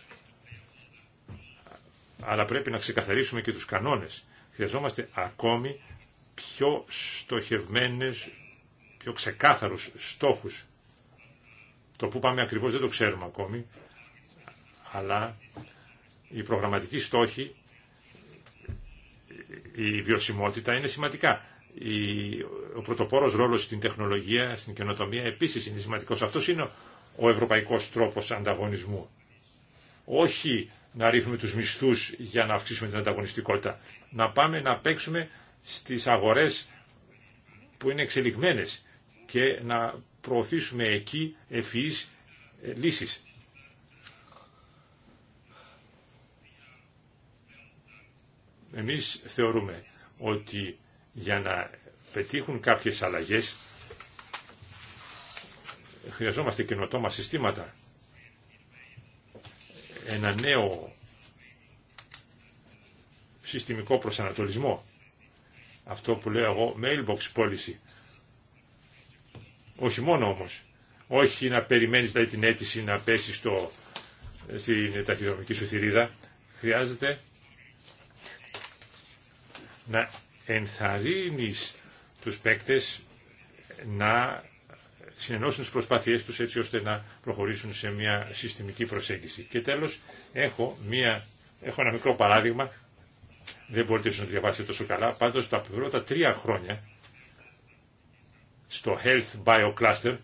Αλλά πρέπει να ξεκαθαρίσουμε και τους κανόνες. Χρειαζόμαστε ακόμη πιο στοχευμένες, πιο ξεκάθαρους στόχους. Το που πάμε ακριβώς δεν το ξέρουμε ακόμη, αλλά η προγραμματικοί στόχοι, η βιωσιμότητα είναι σημαντικά. ο πρωτοπόρος ρόλος στην τεχνολογία, στην καινοτομία επίσης είναι σημαντικός. Αυτός είναι ο ευρωπαϊκός τρόπος ανταγωνισμού. Όχι να ρίχνουμε τους μισθούς για να αυξήσουμε την ανταγωνιστικότητα. Να πάμε να παίξουμε στις αγορές που είναι εξελιγμένες και να προωθήσουμε εκεί ευφυείς ε, λύσεις. Εμείς θεωρούμε ότι για να πετύχουν κάποιες αλλαγές χρειαζόμαστε καινοτόμα συστήματα. Ένα νέο συστημικό προσανατολισμό. Αυτό που λέω εγώ mailbox policy. Όχι μόνο όμως. Όχι να περιμένεις δηλαδή, την αίτηση να πέσει στο, στην ταχυδρομική σου θηρίδα. Χρειάζεται να ενθαρρύνεις τους παίκτες να συνενώσουν τις προσπάθειές τους έτσι ώστε να προχωρήσουν σε μια συστημική προσέγγιση. Και τέλος έχω, μια, έχω ένα μικρό παράδειγμα δεν μπορείτε να διαβάσετε τόσο καλά. Πάντως τα πρώτα τρία χρόνια στο Health Bio Cluster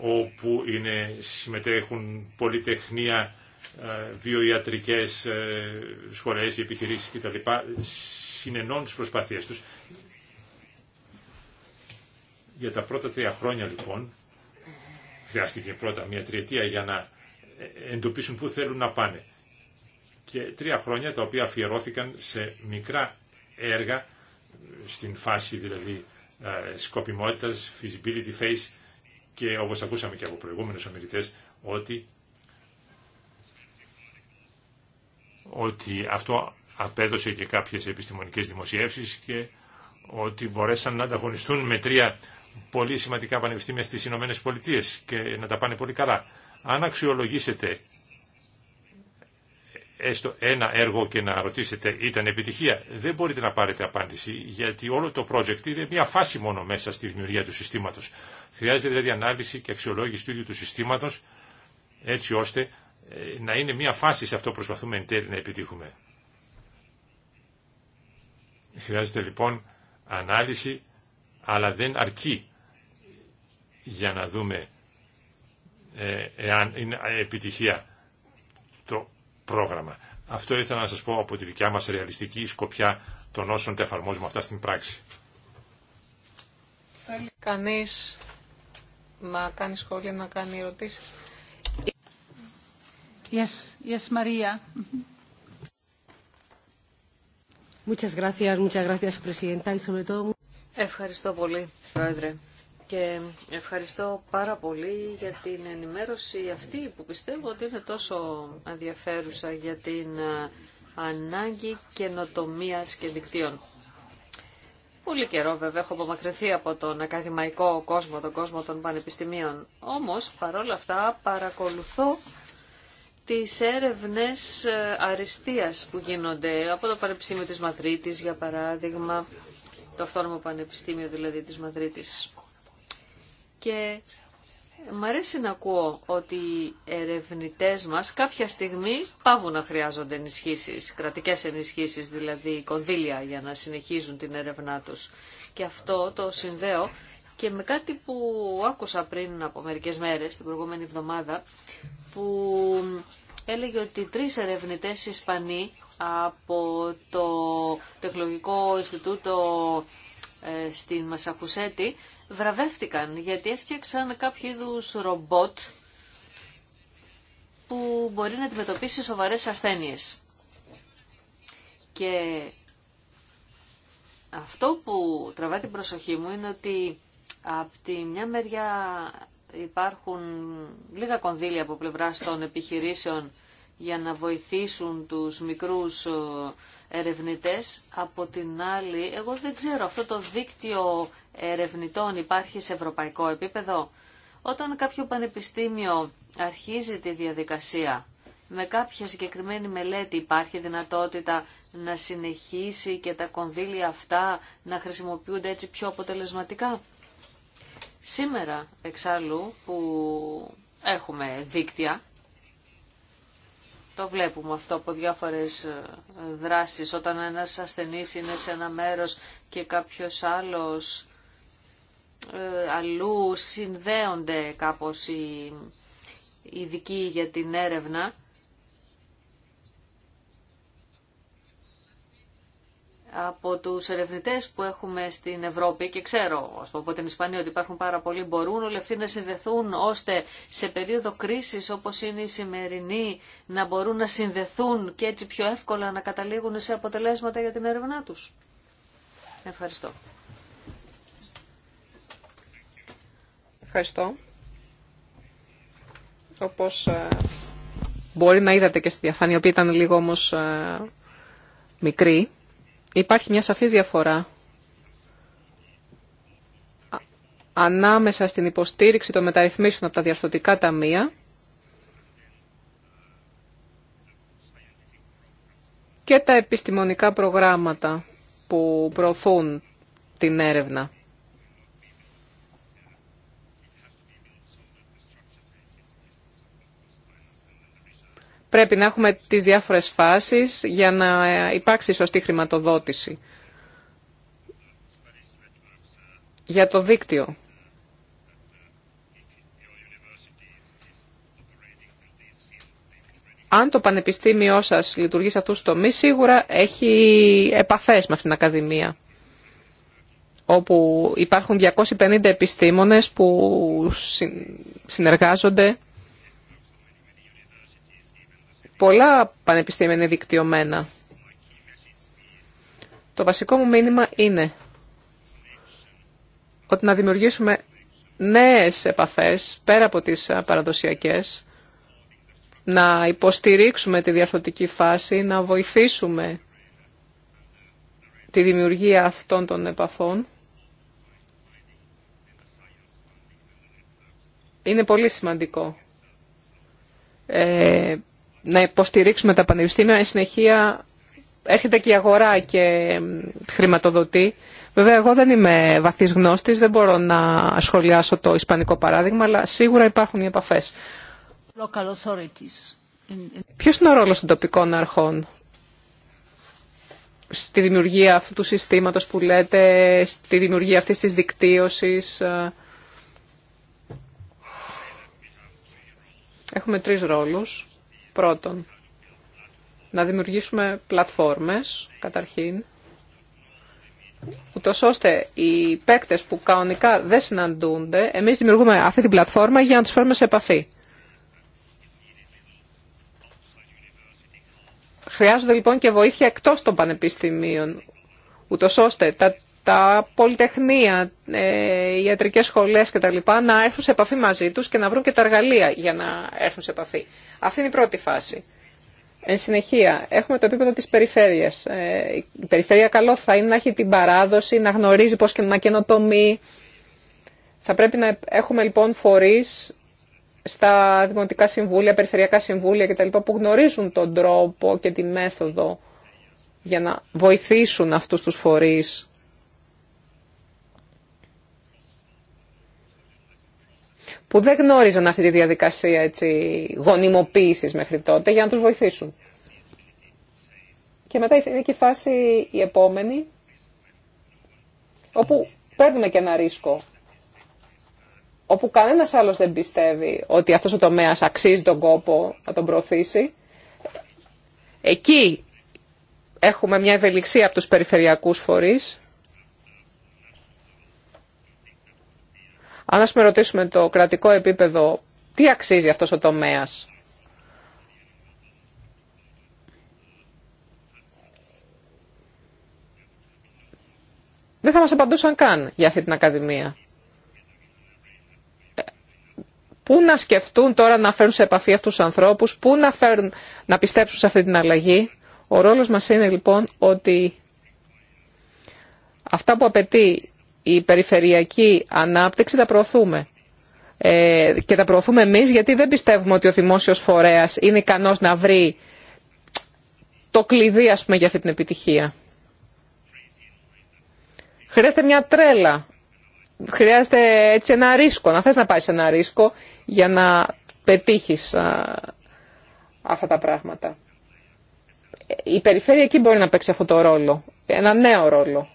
όπου είναι, συμμετέχουν πολυτεχνία, ε, βιοιατρικές ε, σχολές, επιχειρήσεις κτλ. συνενών τις προσπάθειές τους. Για τα πρώτα τρία χρόνια λοιπόν, χρειάστηκε πρώτα μια τριετία για να ε, εντοπίσουν πού θέλουν να πάνε και τρία χρόνια τα οποία αφιερώθηκαν σε μικρά έργα στην φάση δηλαδή ε, σκοπιμότητας, feasibility phase και όπως ακούσαμε και από προηγούμενους ομιλητές ότι, ότι αυτό απέδωσε και κάποιες επιστημονικές δημοσιεύσεις και ότι μπορέσαν να ανταγωνιστούν με τρία πολύ σημαντικά πανεπιστήμια στις Ηνωμένες Πολιτείες και να τα πάνε πολύ καλά. Αν αξιολογήσετε έστω ένα έργο και να ρωτήσετε ήταν επιτυχία, δεν μπορείτε να πάρετε απάντηση, γιατί όλο το project είναι μια φάση μόνο μέσα στη δημιουργία του συστήματος. Χρειάζεται δηλαδή ανάλυση και αξιολόγηση του ίδιου του συστήματος, έτσι ώστε ε, να είναι μια φάση σε αυτό που προσπαθούμε εν τέλει να επιτύχουμε. Χρειάζεται λοιπόν ανάλυση, αλλά δεν αρκεί για να δούμε ε, εάν είναι επιτυχία το πρόγραμμα. Αυτό ήθελα να σας πω από τη δικιά μας ρεαλιστική σκοπιά των όσων τα εφαρμόζουμε αυτά στην πράξη. Θέλει κανείς να κάνει σχόλια, να κάνει ερωτήσεις. Yes, yes, Maria. Muchas gracias, muchas gracias, Presidenta, y sobre todo... Ευχαριστώ πολύ, Πρόεδρε και ευχαριστώ πάρα πολύ για την ενημέρωση αυτή που πιστεύω ότι είναι τόσο ενδιαφέρουσα για την ε, ανάγκη καινοτομία και δικτύων. Πολύ καιρό βέβαια έχω απομακρυνθεί από τον ακαδημαϊκό κόσμο, τον κόσμο των πανεπιστημίων. Όμως παρόλα αυτά παρακολουθώ τις έρευνες ε, αριστείας που γίνονται από το Πανεπιστήμιο της Μαδρίτης για παράδειγμα, το Αυτόνομο Πανεπιστήμιο δηλαδή της Μαδρίτης. Και μου αρέσει να ακούω ότι οι ερευνητές μας κάποια στιγμή πάβουν να χρειάζονται ενισχύσεις, κρατικές ενισχύσεις δηλαδή, κονδύλια για να συνεχίζουν την έρευνά τους. Και αυτό το συνδέω και με κάτι που άκουσα πριν από μερικές μέρες, την προηγούμενη εβδομάδα, που έλεγε ότι τρεις ερευνητές Ισπανοί από το Τεχνολογικό Ινστιτούτο ε, στην Μασαχουσέτη βραβεύτηκαν γιατί έφτιαξαν κάποιο είδου ρομπότ που μπορεί να αντιμετωπίσει σοβαρές ασθένειες. Και αυτό που τραβά την προσοχή μου είναι ότι από τη μια μεριά υπάρχουν λίγα κονδύλια από πλευρά των επιχειρήσεων για να βοηθήσουν τους μικρούς ε, ερευνητές. Από την άλλη, εγώ δεν ξέρω, αυτό το δίκτυο ερευνητών υπάρχει σε ευρωπαϊκό επίπεδο. Όταν κάποιο πανεπιστήμιο αρχίζει τη διαδικασία με κάποια συγκεκριμένη μελέτη υπάρχει δυνατότητα να συνεχίσει και τα κονδύλια αυτά να χρησιμοποιούνται έτσι πιο αποτελεσματικά. Σήμερα, εξάλλου, που έχουμε δίκτυα, το βλέπουμε αυτό από διάφορες ε, δράσεις, όταν ένας ασθενής είναι σε ένα μέρος και κάποιος άλλος ε, αλλού συνδέονται κάπως οι ειδικοί για την έρευνα. από τους ερευνητές που έχουμε στην Ευρώπη και ξέρω ας από την Ισπανία ότι υπάρχουν πάρα πολλοί μπορούν όλοι αυτοί να συνδεθούν ώστε σε περίοδο κρίσης όπως είναι η σημερινή να μπορούν να συνδεθούν και έτσι πιο εύκολα να καταλήγουν σε αποτελέσματα για την έρευνά τους. Ευχαριστώ. Ευχαριστώ. Όπως ε, μπορεί να είδατε και στη διαφάνεια, η οποία ήταν λίγο όμως ε, μικρή, υπάρχει μια σαφής διαφορά ανάμεσα στην υποστήριξη των μεταρρυθμίσεων από τα διαρθωτικά ταμεία και τα επιστημονικά προγράμματα που προωθούν την έρευνα. Πρέπει να έχουμε τις διάφορες φάσεις για να υπάρξει σωστή χρηματοδότηση. Για το δίκτυο. Αν το πανεπιστήμιό σας λειτουργεί σε αυτούς τους τομείς, σίγουρα έχει επαφές με αυτήν την Ακαδημία όπου υπάρχουν 250 επιστήμονες που συνεργάζονται Πολλά πανεπιστήμια είναι δικτυωμένα. Το βασικό μου μήνυμα είναι ότι να δημιουργήσουμε νέες επαφές πέρα από τις παραδοσιακές, να υποστηρίξουμε τη διαρθρωτική φάση, να βοηθήσουμε τη δημιουργία αυτών των επαφών. Είναι πολύ σημαντικό. Ε, να υποστηρίξουμε τα πανεπιστήμια, η συνεχεία έρχεται και η αγορά και χρηματοδοτεί. Βέβαια, εγώ δεν είμαι βαθύ γνώστη, δεν μπορώ να σχολιάσω το ισπανικό παράδειγμα, αλλά σίγουρα υπάρχουν οι επαφές. Ποιος είναι ο ρόλος των τοπικών αρχών στη δημιουργία αυτού του συστήματο που λέτε, στη δημιουργία αυτή τη δικτύωση. Έχουμε τρεις ρόλους. Πρώτον, να δημιουργήσουμε πλατφόρμες, καταρχήν, ούτως ώστε οι παίκτες που κανονικά δεν συναντούνται, εμείς δημιουργούμε αυτή την πλατφόρμα για να τους φέρουμε σε επαφή. Χρειάζονται λοιπόν και βοήθεια εκτός των πανεπιστημίων, ούτως ώστε τα τα πολυτεχνία, ε, οι ιατρικές σχολές κτλ. να έρθουν σε επαφή μαζί τους και να βρουν και τα εργαλεία για να έρθουν σε επαφή. Αυτή είναι η πρώτη φάση. Εν συνεχεία, έχουμε το επίπεδο της περιφέρειας. Ε, η περιφέρεια καλό θα είναι να έχει την παράδοση, να γνωρίζει πώς και να καινοτομεί. Θα πρέπει να έχουμε λοιπόν φορείς στα δημοτικά συμβούλια, περιφερειακά συμβούλια κτλ. που γνωρίζουν τον τρόπο και τη μέθοδο για να βοηθήσουν αυτούς τους φορείς που δεν γνώριζαν αυτή τη διαδικασία έτσι, γονιμοποίησης μέχρι τότε για να τους βοηθήσουν. Και μετά είναι και η φάση η επόμενη, όπου παίρνουμε και ένα ρίσκο, όπου κανένας άλλος δεν πιστεύει ότι αυτός ο τομέας αξίζει τον κόπο να τον προωθήσει. Εκεί έχουμε μια ευελιξία από τους περιφερειακούς φορείς, Αν ας με ρωτήσουμε το κρατικό επίπεδο, τι αξίζει αυτός ο τομέας. Δεν θα μας απαντούσαν καν για αυτή την Ακαδημία. Ε, πού να σκεφτούν τώρα να φέρουν σε επαφή αυτούς τους ανθρώπους, πού να, φέρουν, να πιστέψουν σε αυτή την αλλαγή. Ο ρόλος μας είναι λοιπόν ότι αυτά που απαιτεί η περιφερειακή ανάπτυξη τα προωθούμε. Ε, και τα προωθούμε εμείς γιατί δεν πιστεύουμε ότι ο δημόσιος φορέας είναι ικανός να βρει το κλειδί ας πούμε για αυτή την επιτυχία. Χρειάζεται μια τρέλα. Χρειάζεται έτσι ένα ρίσκο. Να θες να πάρεις ένα ρίσκο για να πετύχεις αυτά τα πράγματα. Η περιφέρεια εκεί μπορεί να παίξει αυτό το ρόλο. Ένα νέο ρόλο.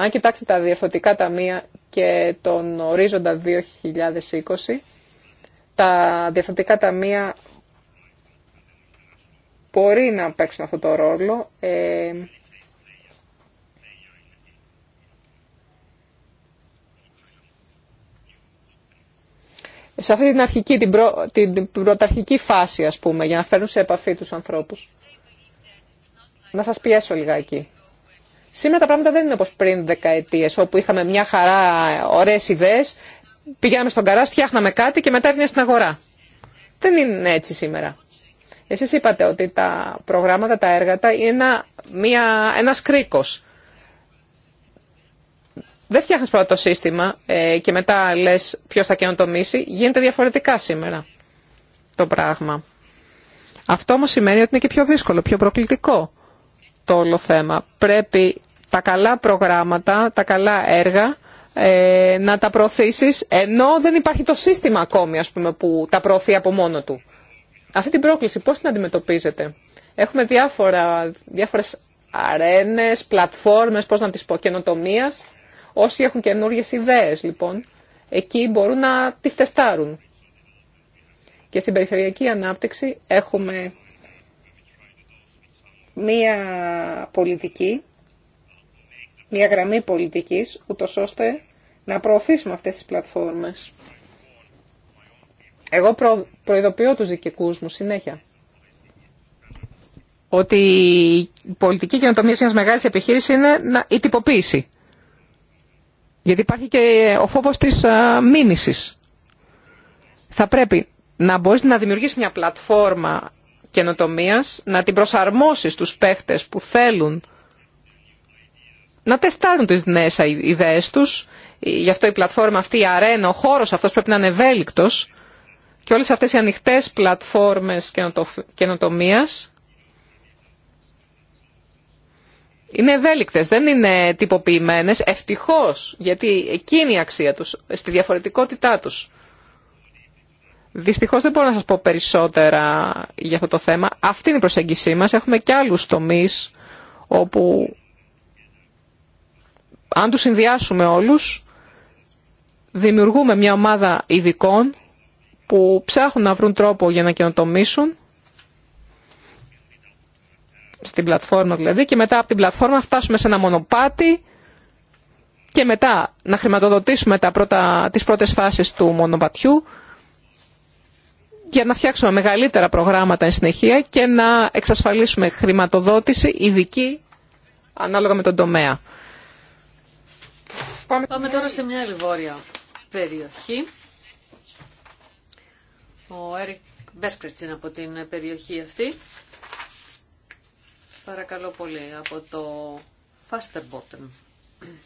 Αν κοιτάξετε τα διαφορετικά ταμεία και τον ορίζοντα 2020, τα διαφορετικά ταμεία μπορεί να παίξουν αυτό το ρόλο. Ε, σε αυτή την αρχική, την, την πρωταρχική φάση, ας πούμε, για να φέρουν σε επαφή τους ανθρώπους. Να σας πιέσω λιγάκι. Σήμερα τα πράγματα δεν είναι όπως πριν δεκαετίες, όπου είχαμε μια χαρά ωραίες ιδέες, πηγαίναμε στον καρά, φτιάχναμε κάτι και μετά έδινε στην αγορά. Δεν είναι έτσι σήμερα. Εσείς είπατε ότι τα προγράμματα, τα έργα τα είναι ένα, μια, ένας κρίκος. Δεν φτιάχνεις πρώτα το σύστημα ε, και μετά λες ποιος θα καινοτομήσει. Γίνεται διαφορετικά σήμερα το πράγμα. Αυτό όμως σημαίνει ότι είναι και πιο δύσκολο, πιο προκλητικό το όλο θέμα. Πρέπει τα καλά προγράμματα, τα καλά έργα, ε, να τα προωθήσεις, ενώ δεν υπάρχει το σύστημα ακόμη ας πούμε, που τα προωθεί από μόνο του. Αυτή την πρόκληση πώς την αντιμετωπίζετε. Έχουμε διάφορα, διάφορες αρένες, πλατφόρμες, πώς να τις πω, καινοτομίας. Όσοι έχουν καινούριε ιδέες, λοιπόν, εκεί μπορούν να τις τεστάρουν. Και στην περιφερειακή ανάπτυξη έχουμε μία πολιτική μια γραμμή πολιτικής, ούτω ώστε να προωθήσουμε αυτές τις πλατφόρμες. Εγώ προειδοποιώ τους δικαικούς μου συνέχεια ότι η πολιτική καινοτομία μια μεγάλη επιχείρηση είναι η τυποποίηση. Γιατί υπάρχει και ο φόβος της μήνυσης. Θα πρέπει να μπορείς να δημιουργήσεις μια πλατφόρμα καινοτομίας, να την προσαρμόσεις στους παίχτες που θέλουν να τεστάρουν τις νέες ιδέες τους. Γι' αυτό η πλατφόρμα αυτή, η αρένα, ο χώρος αυτός πρέπει να είναι ευέλικτος και όλες αυτές οι ανοιχτές πλατφόρμες καινοτομία. είναι ευέλικτες, δεν είναι τυποποιημένες, ευτυχώς, γιατί εκείνη η αξία τους, στη διαφορετικότητά τους. Δυστυχώς δεν μπορώ να σας πω περισσότερα για αυτό το θέμα. Αυτή είναι η προσέγγισή μας. Έχουμε και άλλους τομείς όπου αν τους συνδυάσουμε όλους, δημιουργούμε μια ομάδα ειδικών που ψάχνουν να βρουν τρόπο για να καινοτομήσουν στην πλατφόρμα δηλαδή και μετά από την πλατφόρμα φτάσουμε σε ένα μονοπάτι και μετά να χρηματοδοτήσουμε τα πρώτα, τις πρώτες φάσεις του μονοπατιού για να φτιάξουμε μεγαλύτερα προγράμματα εν συνεχεία και να εξασφαλίσουμε χρηματοδότηση ειδική ανάλογα με τον τομέα. Πάμε, τώρα σε μια άλλη περιοχή. Ο Έρικ Μπέσκριτς είναι από την περιοχή αυτή. Παρακαλώ πολύ, από το Bottom.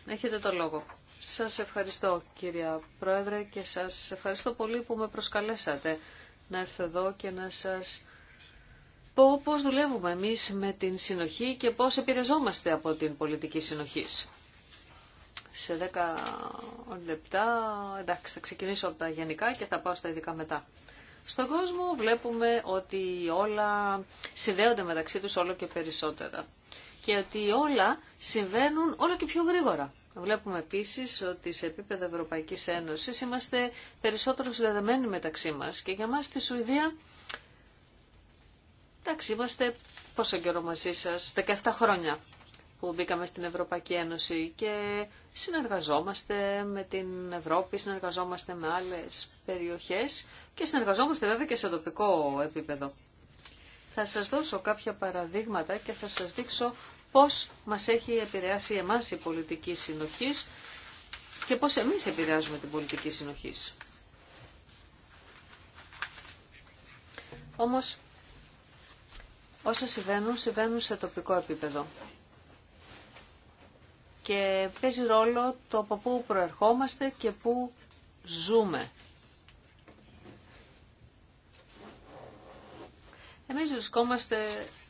Έχετε το λόγο. Σας ευχαριστώ κυρία Πρόεδρε και σας ευχαριστώ πολύ που με προσκαλέσατε να έρθω εδώ και να σας πω πώς δουλεύουμε εμείς με την συνοχή και πώς επηρεζόμαστε από την πολιτική συνοχής σε 10 λεπτά, εντάξει θα ξεκινήσω από τα γενικά και θα πάω στα ειδικά μετά. Στον κόσμο βλέπουμε ότι όλα συνδέονται μεταξύ τους όλο και περισσότερα και ότι όλα συμβαίνουν όλο και πιο γρήγορα. Βλέπουμε επίσης ότι σε επίπεδο Ευρωπαϊκής Ένωσης είμαστε περισσότερο συνδεδεμένοι μεταξύ μας και για μας στη Σουηδία, εντάξει, είμαστε πόσο καιρό μαζί σας, 17 χρόνια που μπήκαμε στην Ευρωπαϊκή Ένωση και συνεργαζόμαστε με την Ευρώπη, συνεργαζόμαστε με άλλες περιοχές και συνεργαζόμαστε βέβαια και σε τοπικό επίπεδο. Θα σας δώσω κάποια παραδείγματα και θα σας δείξω πώς μας έχει επηρεάσει εμάς η πολιτική συνοχής και πώς εμείς επηρεάζουμε την πολιτική συνοχής. Όμως, όσα συμβαίνουν, συμβαίνουν σε τοπικό επίπεδο και παίζει ρόλο το από πού προερχόμαστε και πού ζούμε. Εμείς βρισκόμαστε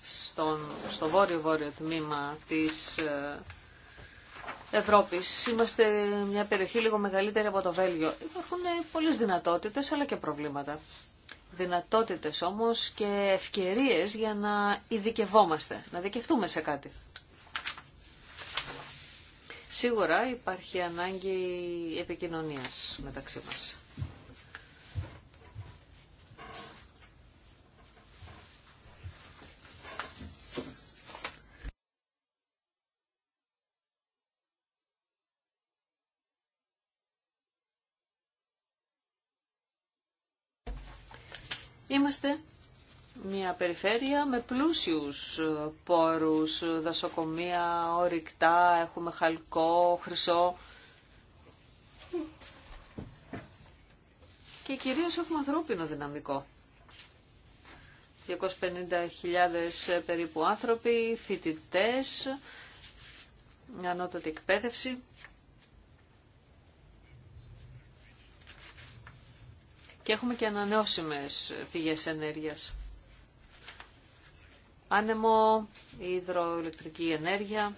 στον, στο βόρειο-βόρειο τμήμα της ε, Ευρώπης. Είμαστε μια περιοχή λίγο μεγαλύτερη από το Βέλγιο. Υπάρχουν πολλές δυνατότητες αλλά και προβλήματα. Δυνατότητες όμως και ευκαιρίες για να ειδικευόμαστε, να δικευτούμε σε κάτι. Σίγουρα υπάρχει ανάγκη επικοινωνίας μεταξύ μας. Είμαστε μια περιφέρεια με πλούσιους ε, πόρους, ε, δασοκομεία, ορυκτά, έχουμε χαλκό, χρυσό. Και κυρίως έχουμε ανθρώπινο δυναμικό. 250.000 ε, περίπου άνθρωποι, φοιτητές, ανώτατη εκπαίδευση. Και έχουμε και ανανεώσιμες πηγές ενέργειας άνεμο, υδροελεκτρική ενέργεια.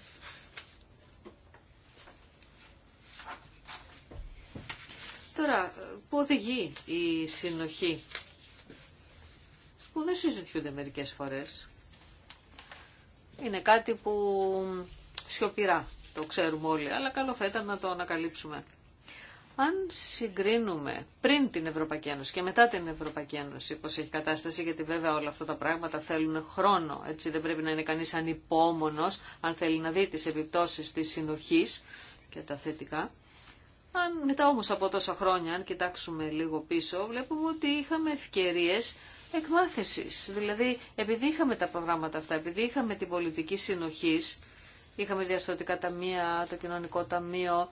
Τώρα, που οδηγεί η συνοχή, που δεν συζητιούνται μερικές φορές. Είναι κάτι που σιωπηρά το ξέρουμε όλοι, αλλά καλό θα ήταν να το ανακαλύψουμε. Αν συγκρίνουμε πριν την Ευρωπαϊκή Ένωση και μετά την Ευρωπαϊκή Ένωση πώς έχει κατάσταση, γιατί βέβαια όλα αυτά τα πράγματα θέλουν χρόνο, έτσι δεν πρέπει να είναι κανεί ανυπόμονο, αν θέλει να δει τι επιπτώσει τη συνοχή και τα θετικά. Αν μετά όμω από τόσα χρόνια, αν κοιτάξουμε λίγο πίσω, βλέπουμε ότι είχαμε ευκαιρίε εκμάθηση. Δηλαδή, επειδή είχαμε τα προγράμματα αυτά, επειδή είχαμε την πολιτική συνοχή, είχαμε διαρθρωτικά ταμεία, το κοινωνικό ταμείο,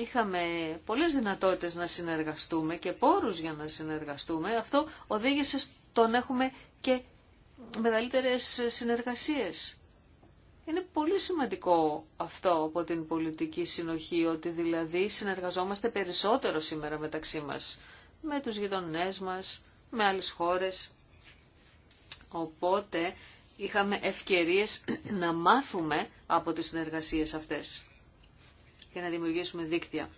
είχαμε πολλές δυνατότητες να συνεργαστούμε και πόρους για να συνεργαστούμε. Αυτό οδήγησε στο να έχουμε και μεγαλύτερες συνεργασίες. Είναι πολύ σημαντικό αυτό από την πολιτική συνοχή, ότι δηλαδή συνεργαζόμαστε περισσότερο σήμερα μεταξύ μας, με τους γειτονές μας, με άλλες χώρες. Οπότε είχαμε ευκαιρίες να μάθουμε από τις συνεργασίες αυτές και να δημιουργήσουμε δίκτυα.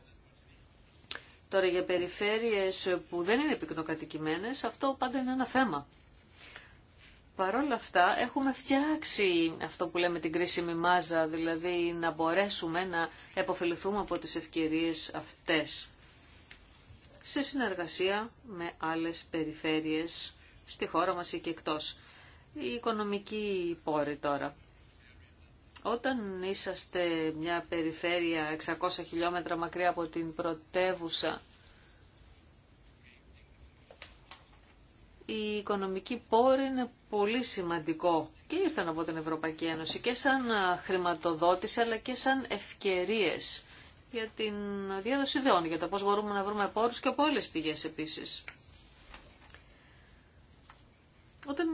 Τώρα για περιφέρειες που δεν είναι πυκνοκατοικημένες, αυτό πάντα είναι ένα θέμα. Παρ' αυτά έχουμε φτιάξει αυτό που λέμε την κρίσιμη μάζα, δηλαδή να μπορέσουμε να επωφεληθούμε από τις ευκαιρίες αυτές. Σε συνεργασία με άλλες περιφέρειες στη χώρα μας ή και εκτός. Η οικονομική πόρη τώρα. Όταν είσαστε μια περιφέρεια 600 χιλιόμετρα μακριά από την πρωτεύουσα, η οικονομική πόρη είναι πολύ σημαντικό και ήρθαν από την Ευρωπαϊκή Ένωση και σαν χρηματοδότηση αλλά και σαν ευκαιρίες για την διάδοση ιδεών, για το πώς μπορούμε να βρούμε πόρους και από όλες τις πηγές επίσης. Όταν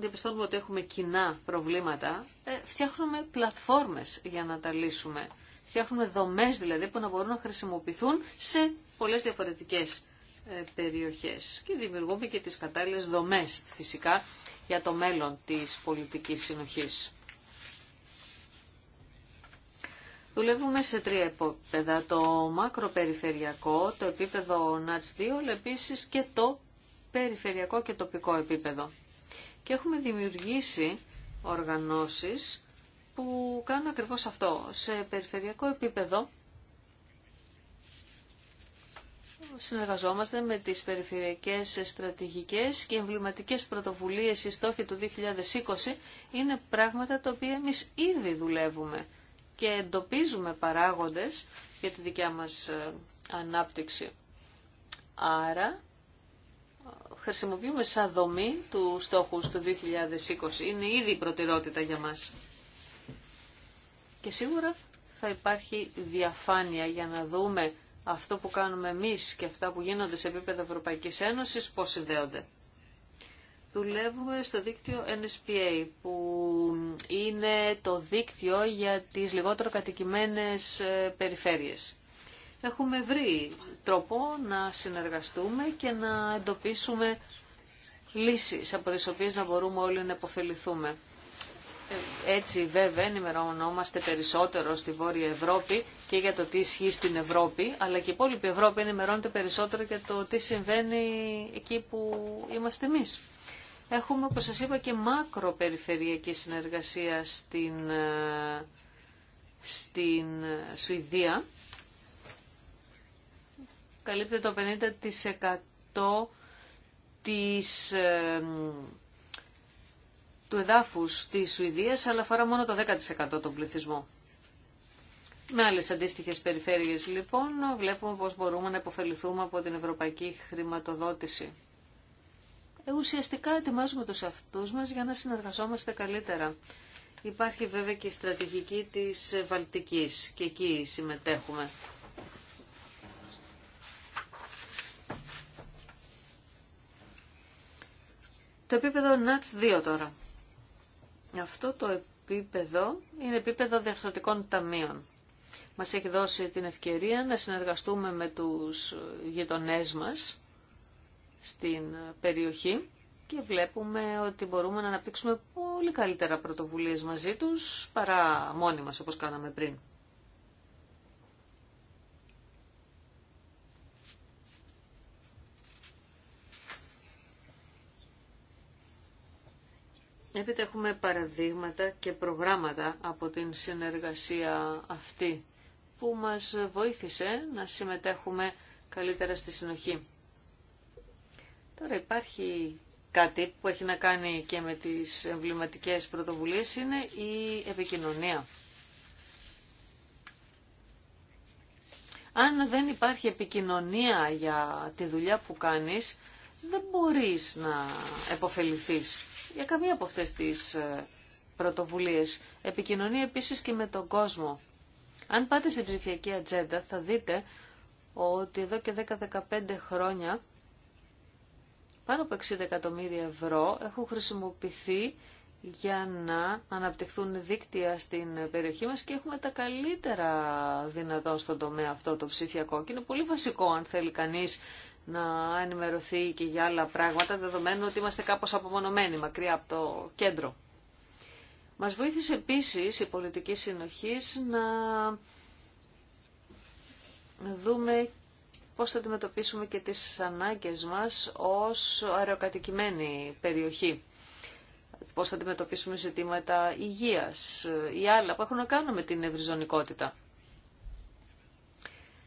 διαπιστώνουμε ότι έχουμε κοινά προβλήματα, ε, φτιάχνουμε πλατφόρμες για να τα λύσουμε. Φτιάχνουμε δομές δηλαδή που να μπορούν να χρησιμοποιηθούν σε πολλές διαφορετικές ε, περιοχές. Και δημιουργούμε και τις κατάλληλες δομές φυσικά για το μέλλον της πολιτικής συνοχής. Δουλεύουμε σε τρία επίπεδα, το μακροπεριφερειακό, το επίπεδο ΝΑΤΣ 2, αλλά επίσης και το περιφερειακό και τοπικό επίπεδο. Και έχουμε δημιουργήσει οργανώσεις που κάνουν ακριβώς αυτό. Σε περιφερειακό επίπεδο συνεργαζόμαστε με τις περιφερειακές στρατηγικές και εμβληματικές πρωτοβουλίες οι στόχοι του 2020 είναι πράγματα τα οποία εμείς ήδη δουλεύουμε και εντοπίζουμε παράγοντες για τη δικιά μας ε, ανάπτυξη. Άρα χρησιμοποιούμε σαν δομή του στόχου του 2020. Είναι ήδη η προτεραιότητα για μας. Και σίγουρα θα υπάρχει διαφάνεια για να δούμε αυτό που κάνουμε εμείς και αυτά που γίνονται σε επίπεδο Ευρωπαϊκής Ένωσης πώς συνδέονται. Δουλεύουμε στο δίκτυο NSPA που είναι το δίκτυο για τις λιγότερο κατοικημένες ε, περιφέρειες έχουμε βρει τρόπο να συνεργαστούμε και να εντοπίσουμε λύσεις από τις οποίες να μπορούμε όλοι να υποφεληθούμε. Ε, έτσι βέβαια ενημερωνόμαστε περισσότερο στη Βόρεια Ευρώπη και για το τι ισχύει στην Ευρώπη, αλλά και η υπόλοιπη Ευρώπη ενημερώνεται περισσότερο για το τι συμβαίνει εκεί που είμαστε εμείς. Έχουμε, όπως σας είπα, και μακροπεριφερειακή συνεργασία στην, ε, στην Σουηδία καλύπτει το 50% της, του εδάφους της Σουηδίας, αλλά αφορά μόνο το 10% τον πληθυσμό. Με άλλες αντίστοιχες περιφέρειες λοιπόν βλέπουμε πώς μπορούμε να υποφεληθούμε από την ευρωπαϊκή χρηματοδότηση. Ε, ουσιαστικά ετοιμάζουμε τους αυτούς μας για να συνεργαζόμαστε καλύτερα. Υπάρχει βέβαια και η στρατηγική της Βαλτικής και εκεί συμμετέχουμε. Το επίπεδο ΝΑΤΣ 2 τώρα. Αυτό το επίπεδο είναι επίπεδο διαρθρωτικών ταμείων. Μας έχει δώσει την ευκαιρία να συνεργαστούμε με τους γειτονές μας στην περιοχή και βλέπουμε ότι μπορούμε να αναπτύξουμε πολύ καλύτερα πρωτοβουλίες μαζί τους παρά μόνοι μας όπως κάναμε πριν. Έπειτα έχουμε παραδείγματα και προγράμματα από την συνεργασία αυτή που μας βοήθησε να συμμετέχουμε καλύτερα στη συνοχή. Τώρα υπάρχει κάτι που έχει να κάνει και με τις εμβληματικέ πρωτοβουλίες είναι η επικοινωνία. Αν δεν υπάρχει επικοινωνία για τη δουλειά που κάνεις, δεν μπορείς να επωφεληθείς για καμία από αυτές τις ε, πρωτοβουλίες. Επικοινωνεί επίσης και με τον κόσμο. Αν πάτε στην ψηφιακή ατζέντα θα δείτε ότι εδώ και 10-15 χρόνια πάνω από 60 εκατομμύρια ευρώ έχουν χρησιμοποιηθεί για να αναπτυχθούν δίκτυα στην περιοχή μας και έχουμε τα καλύτερα δυνατό στον τομέα αυτό το ψηφιακό και είναι πολύ βασικό αν θέλει κανείς να ενημερωθεί και για άλλα πράγματα, δεδομένου ότι είμαστε κάπως απομονωμένοι, μακριά από το κέντρο. Μας βοήθησε επίσης η πολιτική συνοχής να δούμε πώς θα αντιμετωπίσουμε και τις ανάγκες μας ως αεροκατοικημένη περιοχή. Πώς θα αντιμετωπίσουμε ζητήματα υγείας ή άλλα που έχουν να κάνουν με την ευρυζωνικότητα.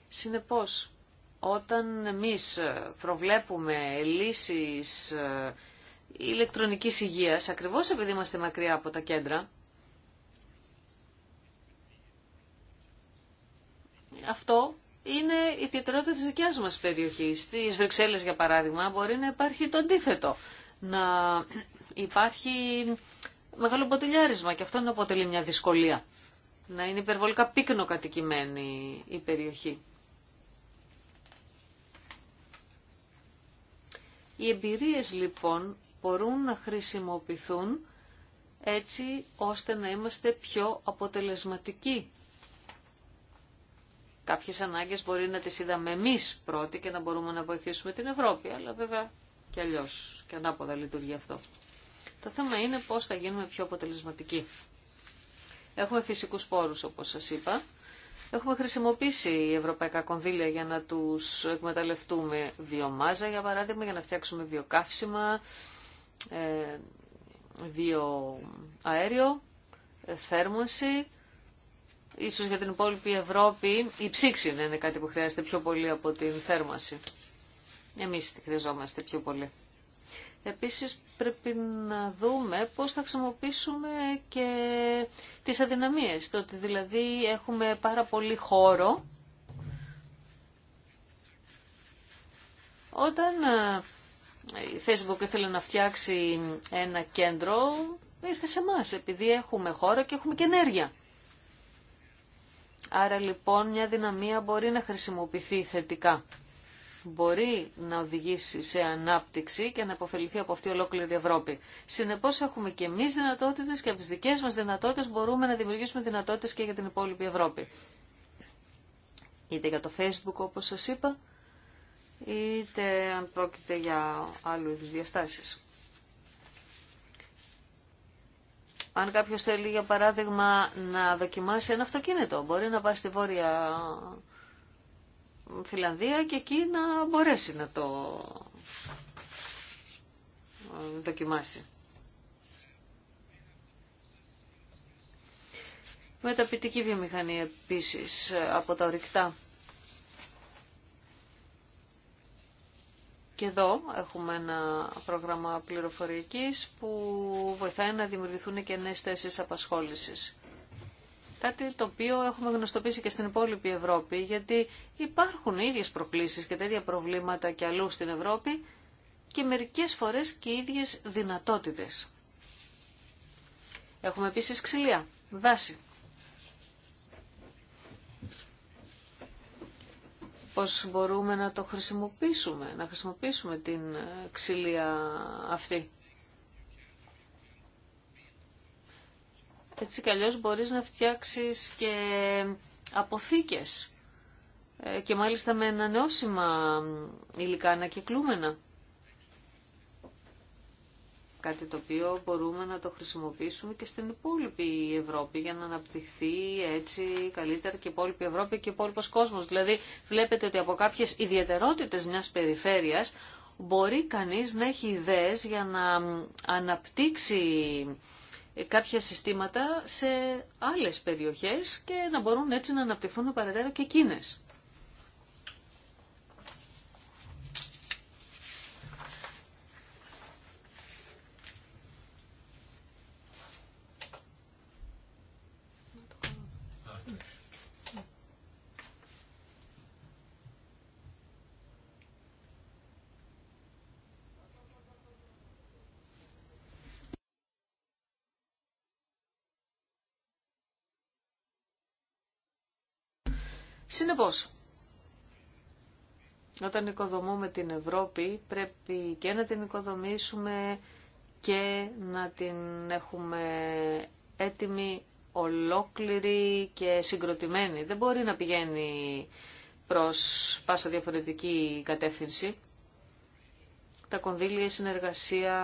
Συνεπώς, όταν εμείς προβλέπουμε λύσεις ε, ηλεκτρονικής υγείας, ακριβώς επειδή είμαστε μακριά από τα κέντρα, αυτό είναι η ιδιαιτερότητα της δικιάς μας περιοχής. Στις Βρυξέλλες, για παράδειγμα, μπορεί να υπάρχει το αντίθετο. Να υπάρχει μεγάλο ποτηλιάρισμα και αυτό να αποτελεί μια δυσκολία. Να είναι υπερβολικά πύκνο κατοικημένη η περιοχή. Οι εμπειρίες λοιπόν μπορούν να χρησιμοποιηθούν έτσι ώστε να είμαστε πιο αποτελεσματικοί. Κάποιες ανάγκες μπορεί να τις είδαμε εμείς πρώτοι και να μπορούμε να βοηθήσουμε την Ευρώπη, αλλά βέβαια και αλλιώς και ανάποδα λειτουργεί αυτό. Το θέμα είναι πώς θα γίνουμε πιο αποτελεσματικοί. Έχουμε φυσικούς πόρους όπως σας είπα, Έχουμε χρησιμοποιήσει ευρωπαϊκά κονδύλια για να τους εκμεταλλευτούμε βιομάζα, για παράδειγμα, για να φτιάξουμε βιοκαύσιμα, ε, βιοαέριο, ε, θέρμανση. Ίσως για την υπόλοιπη Ευρώπη η ψήξη είναι κάτι που χρειάζεται πιο πολύ από την θέρμανση. Εμείς τη χρειαζόμαστε πιο πολύ. Επίσης πρέπει να δούμε πώς θα χρησιμοποιήσουμε και τις αδυναμίες. Το ότι δηλαδή έχουμε πάρα πολύ χώρο Όταν ε, η Facebook ήθελε να φτιάξει ένα κέντρο, ήρθε σε εμά επειδή έχουμε χώρο και έχουμε και ενέργεια. Άρα λοιπόν μια δυναμία μπορεί να χρησιμοποιηθεί θετικά μπορεί να οδηγήσει σε ανάπτυξη και να αποφεληθεί από αυτή ολόκληρη Ευρώπη. Συνεπώ έχουμε και εμεί δυνατότητε και από τι δικέ μας δυνατότητε μπορούμε να δημιουργήσουμε δυνατότητε και για την υπόλοιπη Ευρώπη. Είτε για το Facebook όπως σας είπα, είτε αν πρόκειται για άλλου είδου διαστάσεις. Αν κάποιο θέλει για παράδειγμα να δοκιμάσει ένα αυτοκίνητο, μπορεί να πάει στη Βόρεια Φιλανδία και εκεί να μπορέσει να το δοκιμάσει. Μεταπητική βιομηχανία επίσης από τα ορυκτά. Και εδώ έχουμε ένα πρόγραμμα πληροφορικής που βοηθάει να δημιουργηθούν και νέες θέσεις απασχόλησης. Κάτι το οποίο έχουμε γνωστοποιήσει και στην υπόλοιπη Ευρώπη, γιατί υπάρχουν ίδιες προκλήσεις και τέτοια προβλήματα και αλλού στην Ευρώπη και μερικές φορές και ίδιες δυνατότητες. Έχουμε επίσης ξυλία, δάση. Πώς μπορούμε να το χρησιμοποιήσουμε, να χρησιμοποιήσουμε την ε, ξυλία αυτή. Έτσι κι αλλιώς μπορείς να φτιάξεις και αποθήκες ε, και μάλιστα με ανανεώσιμα υλικά ανακυκλούμενα. Κάτι το οποίο μπορούμε να το χρησιμοποιήσουμε και στην υπόλοιπη Ευρώπη για να αναπτυχθεί έτσι καλύτερα και η υπόλοιπη Ευρώπη και ο υπόλοιπο κόσμος. Δηλαδή βλέπετε ότι από κάποιες ιδιαιτερότητες μιας περιφέρεια μπορεί κανείς να έχει ιδέε για να αναπτύξει κάποια συστήματα σε άλλες περιοχές και να μπορούν έτσι να αναπτυχθούν παραδέρα και εκείνες. Συνεπώς, όταν οικοδομούμε την Ευρώπη πρέπει και να την οικοδομήσουμε και να την έχουμε έτοιμη, ολόκληρη και συγκροτημένη. Δεν μπορεί να πηγαίνει προς πάσα διαφορετική κατεύθυνση. Τα κονδύλια, η συνεργασία,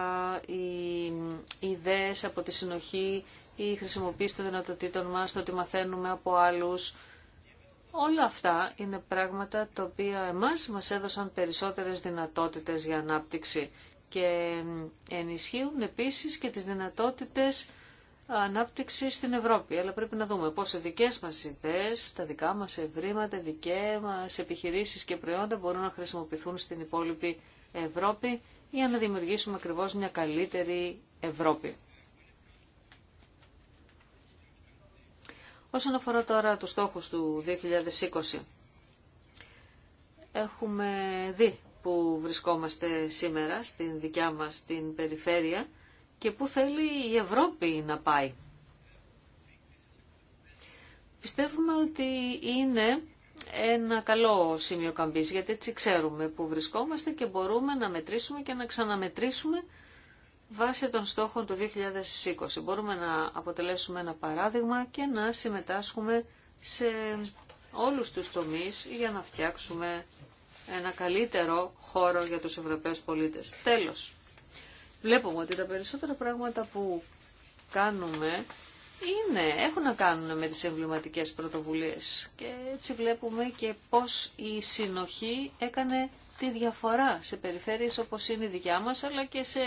οι ιδέες από τη συνοχή, η χρησιμοποίηση των δυνατοτήτων μας, το ότι μαθαίνουμε από άλλους, Όλα αυτά είναι πράγματα τα οποία εμάς μας έδωσαν περισσότερες δυνατότητες για ανάπτυξη και ενισχύουν επίσης και τις δυνατότητες ανάπτυξη στην Ευρώπη. Αλλά πρέπει να δούμε πόσο δικές μας ιδέες, τα δικά μας ευρήματα, δικές μας επιχειρήσεις και προϊόντα μπορούν να χρησιμοποιηθούν στην υπόλοιπη Ευρώπη για να δημιουργήσουμε ακριβώς μια καλύτερη Ευρώπη. Όσον αφορά τώρα τους στόχους του 2020, έχουμε δει που βρισκόμαστε σήμερα στην δικιά μας την περιφέρεια και που θέλει η Ευρώπη να πάει. Πιστεύουμε ότι είναι ένα καλό σημείο καμπής, γιατί έτσι ξέρουμε που βρισκόμαστε και μπορούμε να μετρήσουμε και να ξαναμετρήσουμε βάσει των στόχων του 2020. Μπορούμε να αποτελέσουμε ένα παράδειγμα και να συμμετάσχουμε σε όλους τους τομείς για να φτιάξουμε ένα καλύτερο χώρο για τους Ευρωπαίους πολίτες. Τέλος, βλέπουμε ότι τα περισσότερα πράγματα που κάνουμε είναι, έχουν να κάνουν με τις εμβληματικές πρωτοβουλίες και έτσι βλέπουμε και πώς η συνοχή έκανε τη διαφορά σε περιφέρειες όπως είναι η δικιά μας, αλλά και σε,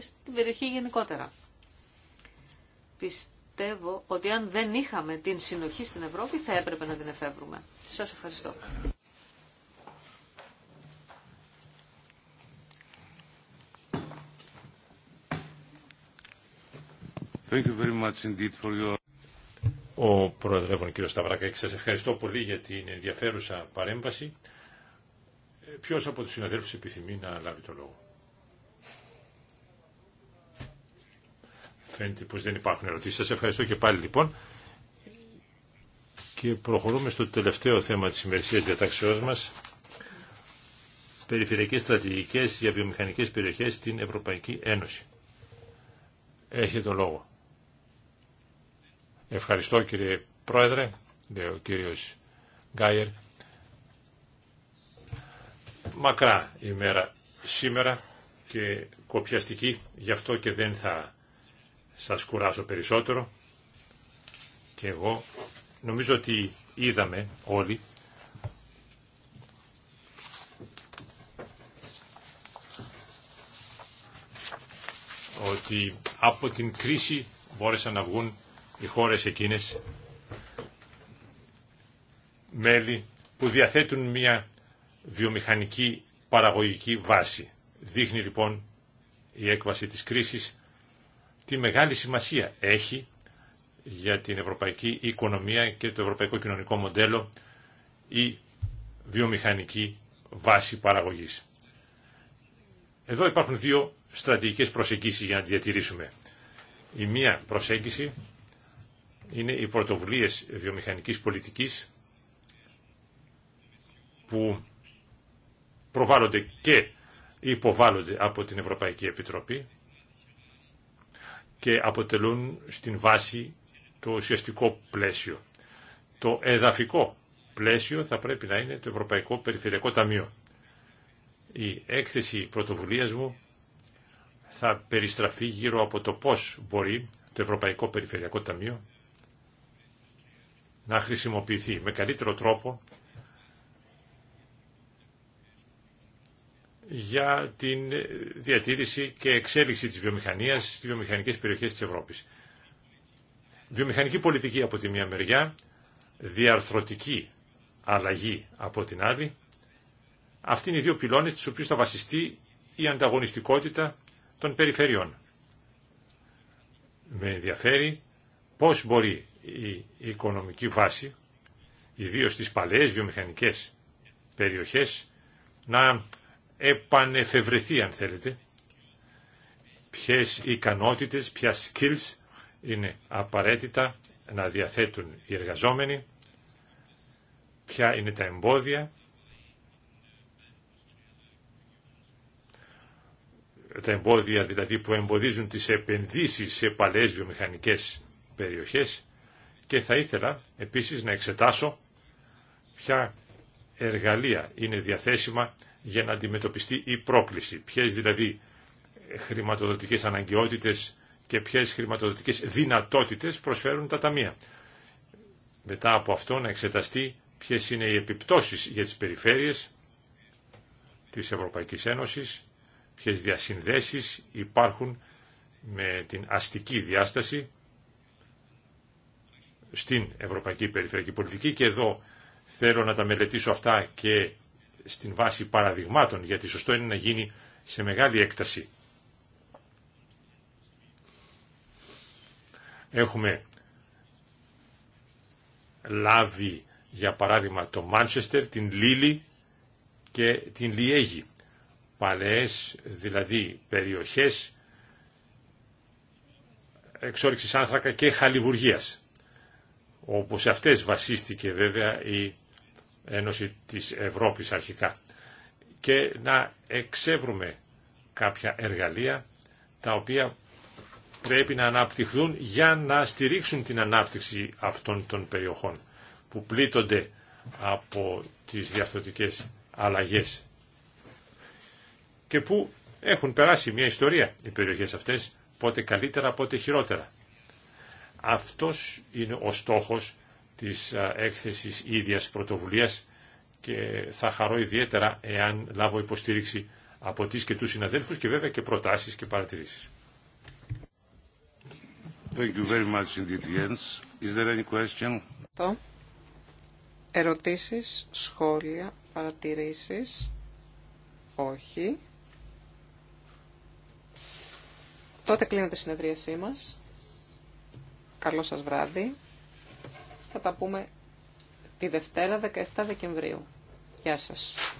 στην περιοχή γενικότερα. Πιστεύω ότι αν δεν είχαμε την συνοχή στην Ευρώπη, θα έπρεπε να την εφεύρουμε. Σας ευχαριστώ. Thank you very much indeed for your... Ο Προεδρεύων κ. Σταυράκα, σας ευχαριστώ πολύ για την ενδιαφέρουσα παρέμβαση. Ποιος από τους συναδέλφους επιθυμεί να λάβει το λόγο. Φαίνεται πως δεν υπάρχουν ερωτήσεις. Σας ευχαριστώ και πάλι λοιπόν. Και προχωρούμε στο τελευταίο θέμα της ημερησίας διατάξεως μας. Περιφερειακές στρατηγικές για βιομηχανικές περιοχές στην Ευρωπαϊκή Ένωση. Έχετε το λόγο. Ευχαριστώ κύριε Πρόεδρε, λέει ο κύριος Γκάιερ μακρά ημέρα σήμερα και κοπιαστική, γι' αυτό και δεν θα σας κουράσω περισσότερο. Και εγώ νομίζω ότι είδαμε όλοι ότι από την κρίση μπόρεσαν να βγουν οι χώρες εκείνες μέλη που διαθέτουν μια βιομηχανική παραγωγική βάση. Δείχνει λοιπόν η έκβαση της κρίσης τι μεγάλη σημασία έχει για την ευρωπαϊκή οικονομία και το ευρωπαϊκό κοινωνικό μοντέλο η βιομηχανική βάση παραγωγής. Εδώ υπάρχουν δύο στρατηγικές προσεγγίσεις για να διατηρήσουμε. Η μία προσέγγιση είναι οι πρωτοβουλίες βιομηχανικής πολιτικής που προβάλλονται και υποβάλλονται από την Ευρωπαϊκή Επιτροπή και αποτελούν στην βάση το ουσιαστικό πλαίσιο. Το εδαφικό πλαίσιο θα πρέπει να είναι το Ευρωπαϊκό Περιφερειακό Ταμείο. Η έκθεση πρωτοβουλίας μου θα περιστραφεί γύρω από το πώς μπορεί το Ευρωπαϊκό Περιφερειακό Ταμείο να χρησιμοποιηθεί με καλύτερο τρόπο για την διατήρηση και εξέλιξη της βιομηχανίας στις βιομηχανικές περιοχές της Ευρώπης. Βιομηχανική πολιτική από τη μία μεριά, διαρθρωτική αλλαγή από την άλλη. Αυτοί είναι οι δύο πυλώνες στους οποίους θα βασιστεί η ανταγωνιστικότητα των περιφερειών. Με ενδιαφέρει πώς μπορεί η οικονομική βάση, ιδίως στις παλαιές βιομηχανικές περιοχές, να επανεφευρεθεί αν θέλετε ποιες ικανότητες, ποια skills είναι απαραίτητα να διαθέτουν οι εργαζόμενοι, ποια είναι τα εμπόδια, τα εμπόδια δηλαδή που εμποδίζουν τις επενδύσεις σε παλαιές βιομηχανικές περιοχές και θα ήθελα επίσης να εξετάσω ποια εργαλεία είναι διαθέσιμα για να αντιμετωπιστεί η πρόκληση. Ποιες δηλαδή χρηματοδοτικές αναγκαιότητες και ποιες χρηματοδοτικές δυνατότητες προσφέρουν τα ταμεία. Μετά από αυτό να εξεταστεί ποιες είναι οι επιπτώσεις για τις περιφέρειες της Ευρωπαϊκής Ένωσης, ποιες διασυνδέσεις υπάρχουν με την αστική διάσταση στην Ευρωπαϊκή Περιφερειακή Πολιτική και εδώ θέλω να τα μελετήσω αυτά και στην βάση παραδειγμάτων, γιατί σωστό είναι να γίνει σε μεγάλη έκταση. Έχουμε λάβει, για παράδειγμα, το Μάντσεστερ, την Λίλη και την Λιέγη. Παλαιές, δηλαδή, περιοχές εξόριξης άνθρακα και χαλιβουργίας. Όπως σε αυτές βασίστηκε βέβαια η Ένωση της Ευρώπης αρχικά και να εξεύρουμε κάποια εργαλεία τα οποία πρέπει να αναπτυχθούν για να στηρίξουν την ανάπτυξη αυτών των περιοχών που πλήττονται από τις διαφθορτικές αλλαγές και που έχουν περάσει μια ιστορία οι περιοχές αυτές πότε καλύτερα πότε χειρότερα. Αυτός είναι ο στόχος της έκθεσης ίδιας πρωτοβουλίας και θα χαρώ ιδιαίτερα εάν λάβω υποστήριξη από τις και τους συναδέλφους και βέβαια και προτάσεις και παρατηρήσεις. Thank you very much Is there any question? Ερωτήσεις, σχόλια, παρατηρήσεις. Όχι. Τότε κλείνεται η συνεδρίασή μας. Καλό σας βράδυ. Θα τα πούμε τη Δευτέρα 17 Δεκεμβρίου. Γεια σας.